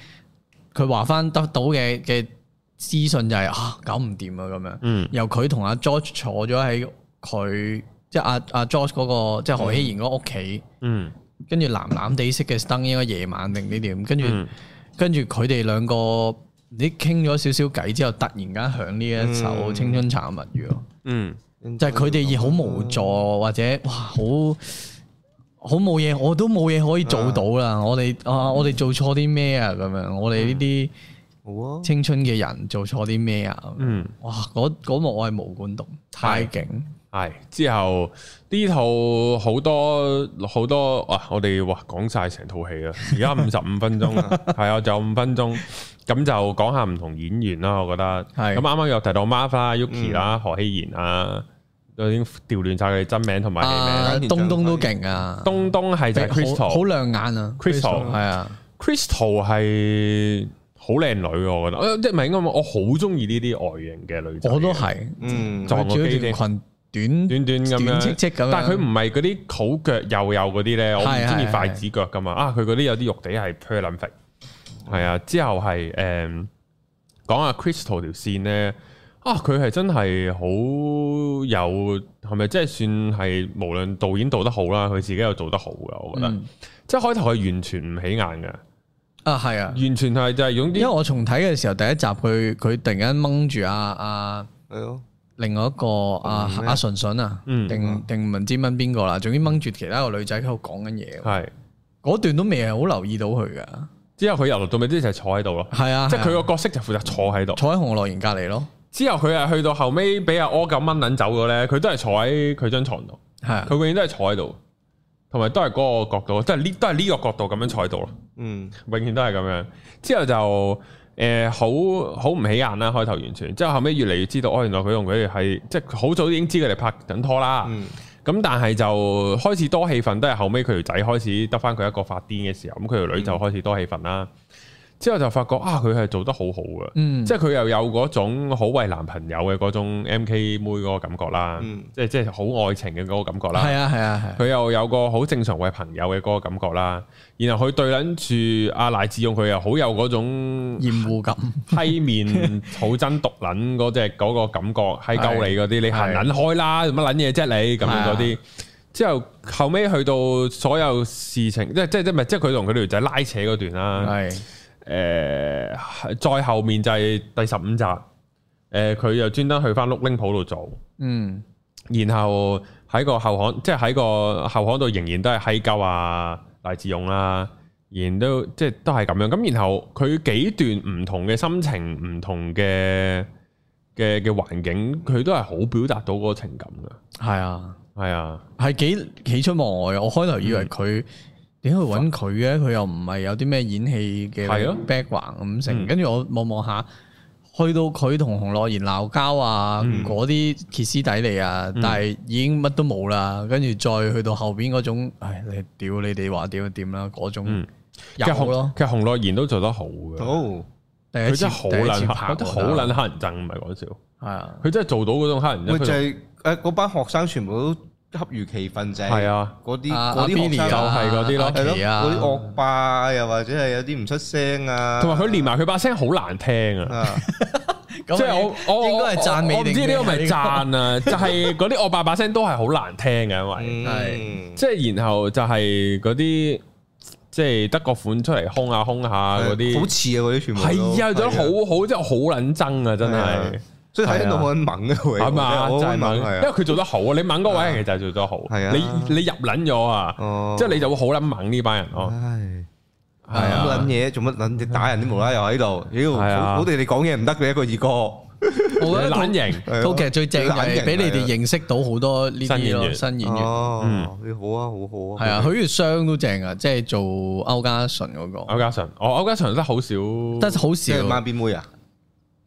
Speaker 2: 佢話翻得到嘅嘅資訊就係、是、啊，搞唔掂啊咁樣。嗯、由佢同阿 George 坐咗喺佢即係、就、阿、是、阿、啊啊、George 嗰、那個即係、就是、何熙賢嗰屋企。跟住藍藍地色嘅燈應該夜晚定呢點？嗯、跟住跟住佢哋兩個。你傾咗少少偈之後，突然間響呢一首《青春茶物語》。嗯，果嗯就係佢哋好無助，或者哇，好好冇嘢，我都冇嘢可以做到啦。啊、我哋啊，我哋做錯啲咩啊？咁
Speaker 1: 樣，我哋呢啲。嗯
Speaker 2: 青春嘅人做錯啲咩啊？嗯，哇，嗰幕我係毛管棟太勁，
Speaker 1: 係之後呢套好多好多哇，我哋哇講晒成套戲啦，而家五十五分鐘，係啊，仲有五分鐘，咁就講下唔同演員啦。我覺得係咁，啱啱又提到 Martha、Yuki 啦、何熙賢啊，都已經調亂晒佢哋真名同埋戲名。東東都勁啊，東東係就係 Crystal，好
Speaker 2: 亮眼啊，Crystal 係
Speaker 1: 啊，Crystal 係。好靚女，我覺得即係唔係啱嘛？我好中意呢啲外形嘅女仔。我都係，嗯，我着咗條裙，短短短咁，色但係佢唔係嗰啲好腳幼幼嗰啲咧，我唔中意筷子腳噶嘛。啊，佢嗰啲有啲肉地係係啊。之後係誒，講下 Crystal 條線咧，啊，佢係真係好有，係咪即係算係無論導演導得好啦，佢自己又做得好噶，我覺得。即係開頭係完全唔起眼噶。
Speaker 2: Uh, 啊，係啊，完全係就係用啲，因為我重睇嘅時候，第一集佢佢突然間掹住阿阿，係、啊、另外一個阿阿純純啊，定定唔知掹邊個啦，仲要掹住其他
Speaker 1: 個女仔喺度講緊嘢，係嗰是段都未係好留意到佢噶。之後佢由落到尾都係坐喺度咯，係啊，即係佢個角色就負責坐喺度，啊啊、坐喺紅樂園隔籬咯。之後佢係去到後尾俾阿柯咁掹捻走咗咧，佢都係坐喺佢張床度，係佢永遠都係坐喺度。 同埋都係嗰個角度，即係呢都係呢個角度咁樣坐到咯。嗯，永遠都係咁樣。之後就誒好好唔起眼啦，開頭完全。之後後尾越嚟越知道，哦，原來佢同佢哋係即係好早已經知佢哋拍緊拖啦。咁、嗯、但係就開始多戲份，都係後尾佢條仔開始得返佢一個發癲嘅時候，咁佢條女就開始多戲份啦。嗯嗯之後就發覺啊，佢係做得好好嘅，即係佢又有嗰種好為男朋友嘅嗰種 MK 妹嗰個感覺啦，即係即係好愛情嘅嗰個感覺啦。係啊係啊，佢又有個好正常為朋友嘅嗰個感覺啦。然後佢對捻住阿賴志勇，佢又好有嗰種厭惡感，批面好真毒捻嗰隻嗰個感覺，係救你嗰啲，你行捻開啦，做乜捻嘢啫，你咁嗰啲。之後後尾去到所有事情，即係即係即係即係佢同佢條仔拉扯嗰段啦。誒、呃，再後面就係第十五集，誒、呃，佢又專登去翻碌拎鋪度做，嗯，然後喺個後巷，即係喺個後巷度，仍然都係閪鳩啊，大智勇啊，然都即係都係咁樣。咁然後佢幾段唔同嘅心情，唔同嘅嘅嘅環境，佢都係好表達到嗰個情感㗎。係、嗯、啊，係啊，係幾喜出望外，
Speaker 2: 我開頭以為佢、嗯。點去搵佢嘅？佢又唔係有啲咩演戲嘅 background 咁成。我看看跟住我望望下，去到佢同洪樂賢鬧交啊，嗰啲歇斯底里啊，但係已經乜都冇啦。跟住再去到後邊嗰種，
Speaker 1: 唉，你屌你哋話點就點啦。嗰種、嗯、其實洪，其實洪樂賢都做得好嘅。佢噢真係好撚，我我覺得好撚黑人憎，唔係講笑。係啊的，佢真係做到嗰種黑人憎。
Speaker 3: 就係，誒，班學生全部都。恰如其分正係啊！嗰啲嗰啲學生就係嗰啲咯，嗰啲惡霸又或者係有啲唔出聲啊。
Speaker 1: 同埋佢連埋佢把聲好難聽啊！即係我我應該係讚美，我唔知呢個咪讚啊！就係嗰啲惡霸把聲都係好難聽嘅，因為即係然後就係嗰啲即係得個款出嚟空下空下嗰啲，好似啊嗰啲全部係啊，做得好好即係好撚憎啊！真係。即係喺度好撚猛啊，佢。係嘛真係猛，因為佢做得好，啊，你猛嗰位其實係做得好。係啊，你你入捻咗啊，即係你就會好捻猛呢班人咯。係，係啊，捻嘢做乜捻？你打
Speaker 3: 人啲無啦啦又喺度，妖，我哋你講嘢唔得嘅一個二哥。我覺得《冷凝》套劇最正，係俾你哋認
Speaker 2: 識到好多呢啲新演員，新演員，嗯，你好啊，好
Speaker 3: 好啊，係啊，佢
Speaker 2: 越商都正啊，即係做歐嘉純嗰個歐嘉純。哦，歐嘉純真好少，
Speaker 3: 但係好少。孖邊妹啊！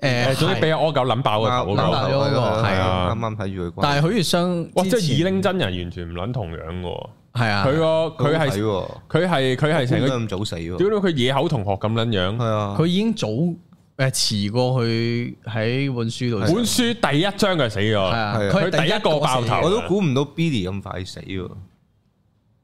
Speaker 1: 誒，總之俾阿柯狗諗爆嘅，諗爆咗一個，係啊，啱啱睇住佢。但係許月湘，哇，即係二拎真人，完全唔諗同樣嘅，係啊，佢個佢係佢係佢係成咁早死，屌到佢野口同學咁捻樣，係啊，佢已經早誒遲過去喺本書度，本書第一章就死咗，佢第一個爆頭，我都估
Speaker 3: 唔到 Billy 咁快死。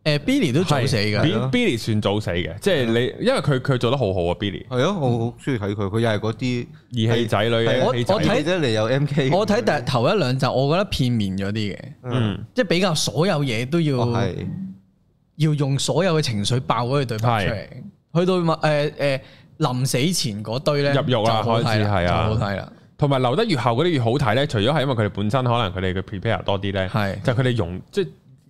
Speaker 3: 誒，Billy 都早死嘅
Speaker 1: ，Billy 算早死嘅，即係你，因為佢佢做得好好啊，Billy。係啊，我好中意睇佢，佢又係嗰啲義氣仔女我睇得
Speaker 2: 嚟有 MK，我睇第頭一兩集，我覺得片面咗啲嘅，嗯，即係比較所有嘢都要要用所有嘅情緒爆嗰個對白出嚟，去到誒誒臨死前嗰堆咧入獄啊開始係啊，好睇啦，
Speaker 1: 同埋留得越後嗰啲越好睇咧，除咗係因為佢哋本身可能佢哋嘅 prepare 多啲咧，係就佢哋容。即係。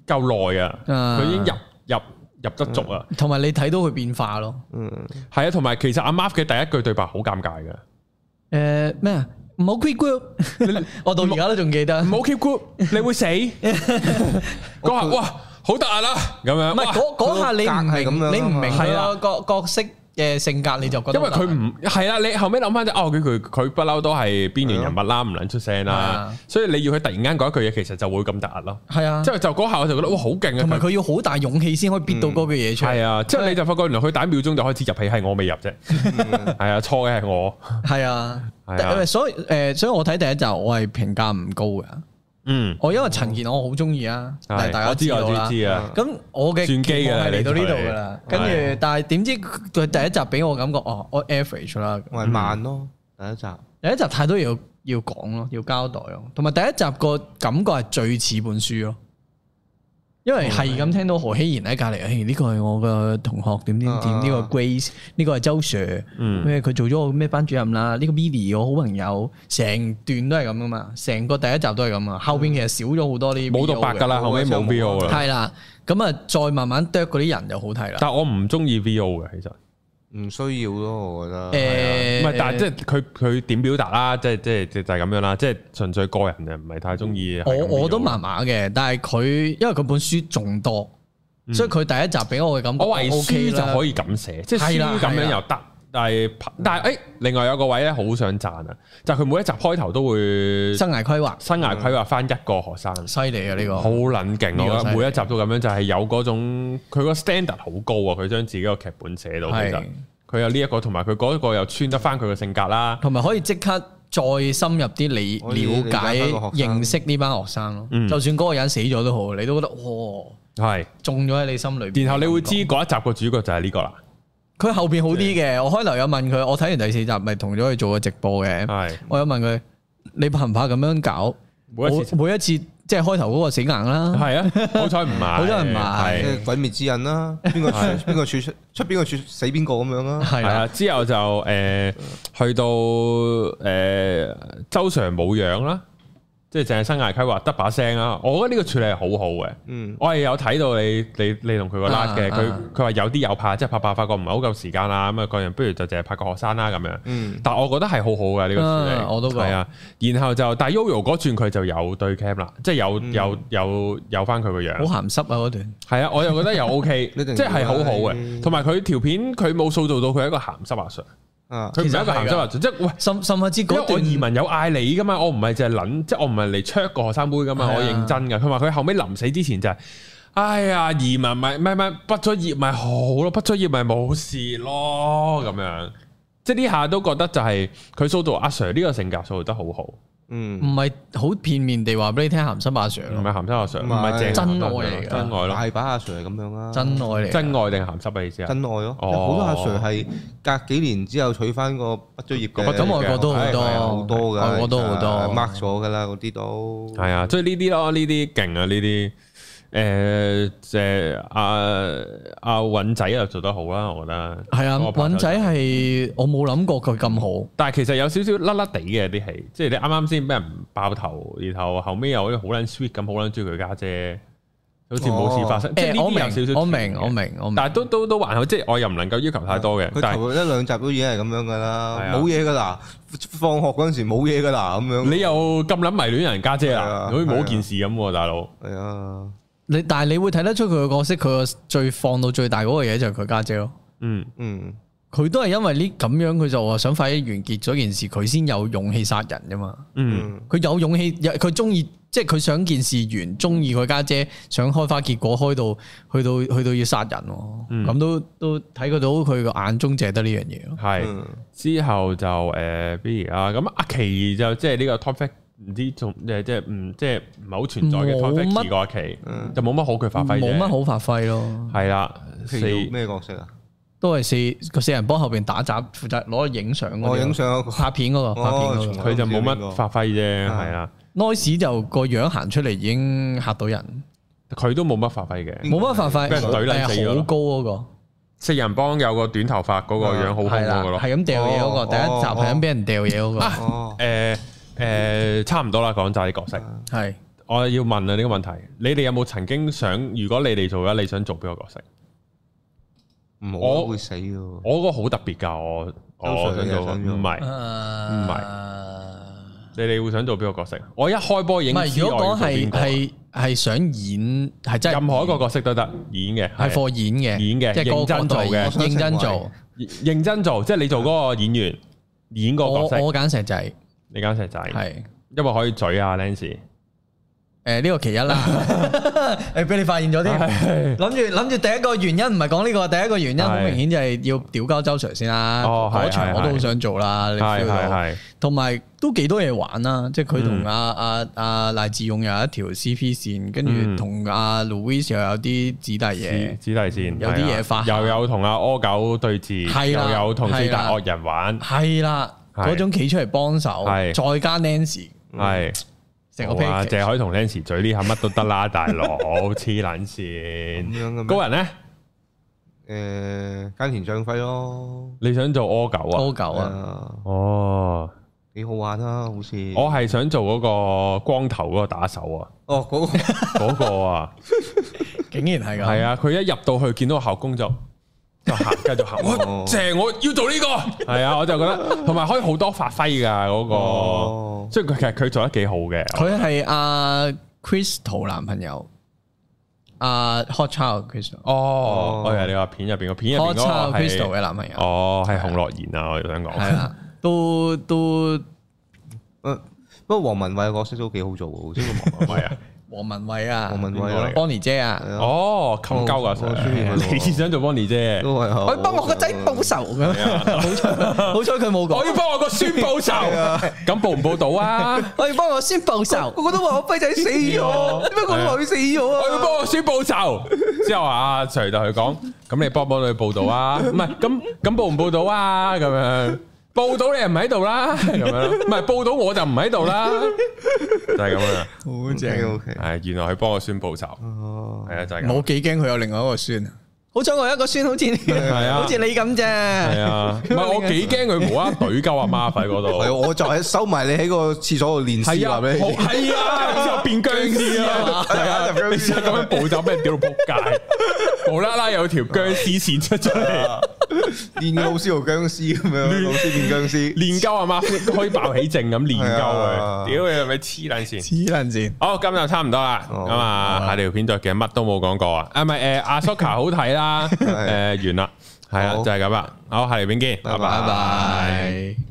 Speaker 1: 夠耐啊！佢已經入入入得足啊，
Speaker 2: 同埋你睇到佢變化咯。嗯，
Speaker 1: 係啊，同埋其實阿 Mark 嘅第一句對白好尷尬嘅。
Speaker 2: 誒咩啊？唔好 quit group！我到而家都仲記得。唔好 quit group！你會死。講下哇，好大啦
Speaker 1: 咁樣。唔係講講下你唔明，你唔明啊
Speaker 2: 個角色。嘅性格你就覺得，因為佢
Speaker 1: 唔係啊，你後尾諗翻就哦，佢佢佢不嬲都係邊緣人物啦，唔撚出聲啦，所以你要佢突然間講一句嘢，其實就會咁突兀咯。係啊，即係就嗰下我就覺得哇，好勁啊！同埋佢要好大勇氣先可以 b 到嗰句嘢出嚟。係啊，即係你就發覺原來佢第一秒鐘就開始入戲，係我未入啫。係啊，錯嘅係我。係啊，係啊，
Speaker 2: 所以誒，所以我睇第一集我係評價唔高嘅。嗯，我因為陳健我好中意啊，係的大家知道啊。咁我嘅轉機啊嚟到呢度噶啦，跟住但係點知佢第一集俾我感覺，哦，我 average 啦，我係慢咯，嗯，第一集。嗯、第一集太多嘢要要講咯，要交代咯，同埋第一集個感覺係最似本書咯。因為係咁聽到何熙賢喺隔籬，誒、哎、呢、這個係我嘅同學，點點點呢、這個 Grace，呢個係周 Sir，咩佢、嗯、做咗個咩班主任啦？呢、這個 Vivi 我好朋友，成段都係咁噶嘛，成個第一集都係咁啊，後邊其實少咗好多啲。冇讀白噶啦，後尾冇 V.O. 係啦，咁啊再慢慢啄嗰啲人就好睇啦。
Speaker 1: 但係我唔中意 V.O. 嘅其實。唔需要咯，我覺得誒，唔係、欸，啊、但係即係佢佢點表達啦，即係即係就係、是、咁樣啦，即係純粹個人就唔係太中意。我
Speaker 2: 我都麻麻嘅，但係佢因為佢本書仲多，嗯、所以佢第一集俾我嘅感覺，我話，OK，就可以咁寫，即係書咁樣又得。
Speaker 1: 但係，但係，誒，另外有個位咧，好想讚啊！就佢、是、每一集開頭都會生涯規劃，生涯規劃翻一個學生，犀利啊！呢、這個好冷靜，我覺得每一集都咁樣，就係、是、有嗰種佢個 standard 好高啊！佢將自己個劇本寫到，佢是有呢、這、一個，同埋佢嗰一個又穿得翻佢個性格啦，同埋可以即刻再深入啲你了解認
Speaker 2: 識呢班學生咯。嗯、就算嗰個人死咗都好，你都覺得哇，係是中咗
Speaker 1: 喺你心裏。然後你會知嗰一集個主角就係呢個啦。
Speaker 2: 佢後邊好啲嘅，我開頭有問佢，我睇完第四集咪同咗佢做個直播嘅，是的 我有問佢，你怕唔怕咁樣搞，
Speaker 3: 每每一次，每一次即係開頭嗰個死硬啦，係啊，好彩唔買，好多的的人買，鬼滅之刃啦，邊個邊個處出邊個處死邊個咁樣啦，係啊是的，
Speaker 1: 之後就誒、呃、去到誒、呃、周常冇樣啦。即係淨係生涯規劃得把聲啦，我覺得呢個處理係好好嘅。嗯，我係有睇到你你你同佢個拉嘅，佢佢話有啲有怕拍，拍，即係拍拍發覺唔係好夠時間啦，咁啊個人不如就淨係拍個學生啦咁樣。嗯，但我覺得係好好嘅呢個處理，啊、我都係啊。然後就但 Yoyo 嗰轉佢就有對 cam 啦，即係有有有有翻佢個樣。好鹹濕啊！嗰段係啊，我又覺得又 OK， 即係好好嘅。同埋佢條片佢冇塑造到佢一個鹹濕阿 Sir 啊！佢唔係一個鹹濕話，嗯、即係喂，甚甚至嗰段，因為我移民有嗌你噶嘛，我唔係淨係諗，即係、嗯、我唔係嚟 check 個學生杯噶嘛，是啊、我認真噶。佢話佢後尾臨死之前就係、是，哎呀，移民咪咩咩，畢咗業咪好咯，畢咗業咪冇事咯，咁樣。即係呢下都覺得就係佢塑造阿 Sir 呢個性格塑造得好好。
Speaker 2: 嗯，唔係好
Speaker 3: 片面地話俾你聽鹹濕
Speaker 1: 阿 Sir，唔係鹹濕阿 Sir，唔係正真愛嚟嘅，真愛咯，大把阿 Sir 係咁
Speaker 3: 樣啦，真愛嚟，真愛定鹹濕啊意思啊？真愛咯，好多阿 Sir 係隔幾年之後娶翻個畢咗業嘅，咁外、哦、國都好多好多嘅，我都好多 mark 咗嘅啦，嗰啲
Speaker 1: 都係啊，即係呢啲咯，呢啲勁啊，呢啲。誒，即係阿阿韻仔又做得好啦，我覺得
Speaker 2: 係啊，韻仔係我冇諗過佢咁好，
Speaker 1: 但係其實有少少甩甩地嘅啲戲，即係你啱啱先俾人爆頭，然後後尾又好捻 sweet 咁，好捻追佢家姐，好似冇事發生。我有少少，我明我明我明。但係都都都還好，即係我又唔能夠要求太多嘅。佢頭
Speaker 3: 一兩集都已經係咁樣噶啦，冇嘢噶啦，放學嗰陣時冇嘢噶啦，咁樣你
Speaker 1: 又咁諗迷戀人家姐啊？好似冇件事咁，大佬係啊。
Speaker 2: 你但係你會睇得出佢個角色，佢個最放到最大嗰個嘢，就係佢家姐咯、嗯。嗯嗯，佢都係因為呢咁樣，佢就話想快啲完結咗件事，佢先有勇氣殺人啫嘛。嗯，佢有勇氣，佢中意，即係佢想件事完，中意佢家姐，想開花結果，開到去到
Speaker 1: 去到要殺人。咁、嗯、都都睇到到佢個眼中淨係得呢樣嘢。係、嗯、之後就誒，比、呃、如啊，咁阿琪就即係呢個 topic 唔知仲即係即係唔即係唔係好存在嘅 perfect 個期，就冇乜好佢發揮，冇乜好
Speaker 2: 發揮咯。
Speaker 1: 係啦，四咩角色啊？都係四個四人幫後邊打雜，負責
Speaker 2: 攞影相嗰個，拍片嗰個，拍片佢就冇乜發
Speaker 3: 揮啫，係啦。
Speaker 2: 奈史就個樣行出嚟已經嚇到人，佢都冇乜發揮嘅，冇乜發揮，係好
Speaker 1: 高嗰個四人幫有個短頭髮嗰個樣好恐怖咯，係咁掉嘢嗰個，第一集係咁
Speaker 2: 俾人掉嘢嗰個，
Speaker 1: 誒。誒，差唔多啦，講就啲角色係，我要問啊呢個問題，你哋有冇曾經想？如果你哋做嘅，你想做邊個角色？唔，我會死嘅。我個好特別噶，我我想做唔係唔係，即係你會想做邊個角色？我一開波已經，如果講係係係想演，係真任何一個角色都得演嘅，係貨演嘅，演嘅認真做嘅，認真做，認真做，即係你做嗰個演員演嗰個角色。我揀石仔。你間石仔係，因為可以嘴啊，Lance。誒，呢個其一啦，誒，俾你發現咗啲，諗住
Speaker 2: 諗住，第一個原因唔係講呢個，第一個原因好明顯就係要屌交周 Sir 先啦。哦，嗰場我都好想做啦。係係係，同埋都幾多嘢玩啦。即係佢同阿阿阿賴志勇有一條 CP 線，跟住同阿 Louis 又有啲子弟嘢，子弟
Speaker 1: 線，有啲嘢發。又有同阿柯狗對峙，又有同四大惡人玩。係啦。嗰種企
Speaker 2: 出嚟幫手，係
Speaker 1: 再加 Nancy，係成個 pair，謝海同 Nancy 嘴呢下乜都得啦，大佬黐撚線咁樣。高人呢，誒，加錢漲費咯。你想做阿狗啊？阿狗啊？哦，
Speaker 3: 幾好玩啊！好似我
Speaker 1: 係想做嗰個光頭嗰個打手啊。哦，嗰個嗰個啊，竟然係噉？係啊，佢一入到去見到個校工就。就行，繼續行。我正，我要做呢個。係啊，我就覺得，同埋可以好多發揮噶嗰個。所以佢其實佢做得幾好嘅。佢
Speaker 2: 係阿 Crystal 男朋友。阿 Hot Child
Speaker 3: Crystal。哦，我哋你話
Speaker 1: 片入邊個片入邊嗰個係 Crystal 嘅男朋友。哦，係洪樂言啊，我哋想講。係啦，
Speaker 3: 都都，不過黃文偉嘅角色都幾好
Speaker 1: 做嘅，好似個黃文偉啊。黃文偉啊，Bonnie 姐啊，哦，求救啊，你想做 Bonnie 姐？我幫我個仔報仇，好彩好彩佢冇講。我要幫我個孫報仇，咁報唔報到啊？我要幫我孫報仇，個個
Speaker 3: 都話我輝仔死咗，
Speaker 1: 點解個女死咗啊？我要幫我孫報仇，之後阿徐就佢講，咁你幫唔幫佢報道啊？唔係，咁咁報唔報到啊？咁樣。報到你又唔喺度啦，咁樣唔係報到我就唔喺度啦，就係咁啦。好正，係原來佢幫我孫報仇，係啊，就係咁。我幾驚佢有另外一個
Speaker 3: 孫，
Speaker 2: 好彩我有一個孫好似，好似你咁啫。係啊，唔係我幾驚佢無啦
Speaker 3: 啦懟鳩阿媽喺嗰度。係，我就係收埋你喺個廁所度練屍啊！咩？係
Speaker 1: 啊，之後變僵屍啊！係啊，你試下咁樣步驟俾人屌到仆街，無啦啦有條僵屍線出咗嚟。練老師同僵屍咁樣，老師變僵屍，練鳩阿嘛可以爆起靜咁練鳩佢，屌你係咪黐撚線？黐撚線！好，今日差唔多啦，咁啊，下條片再其實乜都冇講過啊，啊係咪？誒阿蘇卡好睇啦，誒完啦，係啊就係咁啦，好下條片見，拜拜。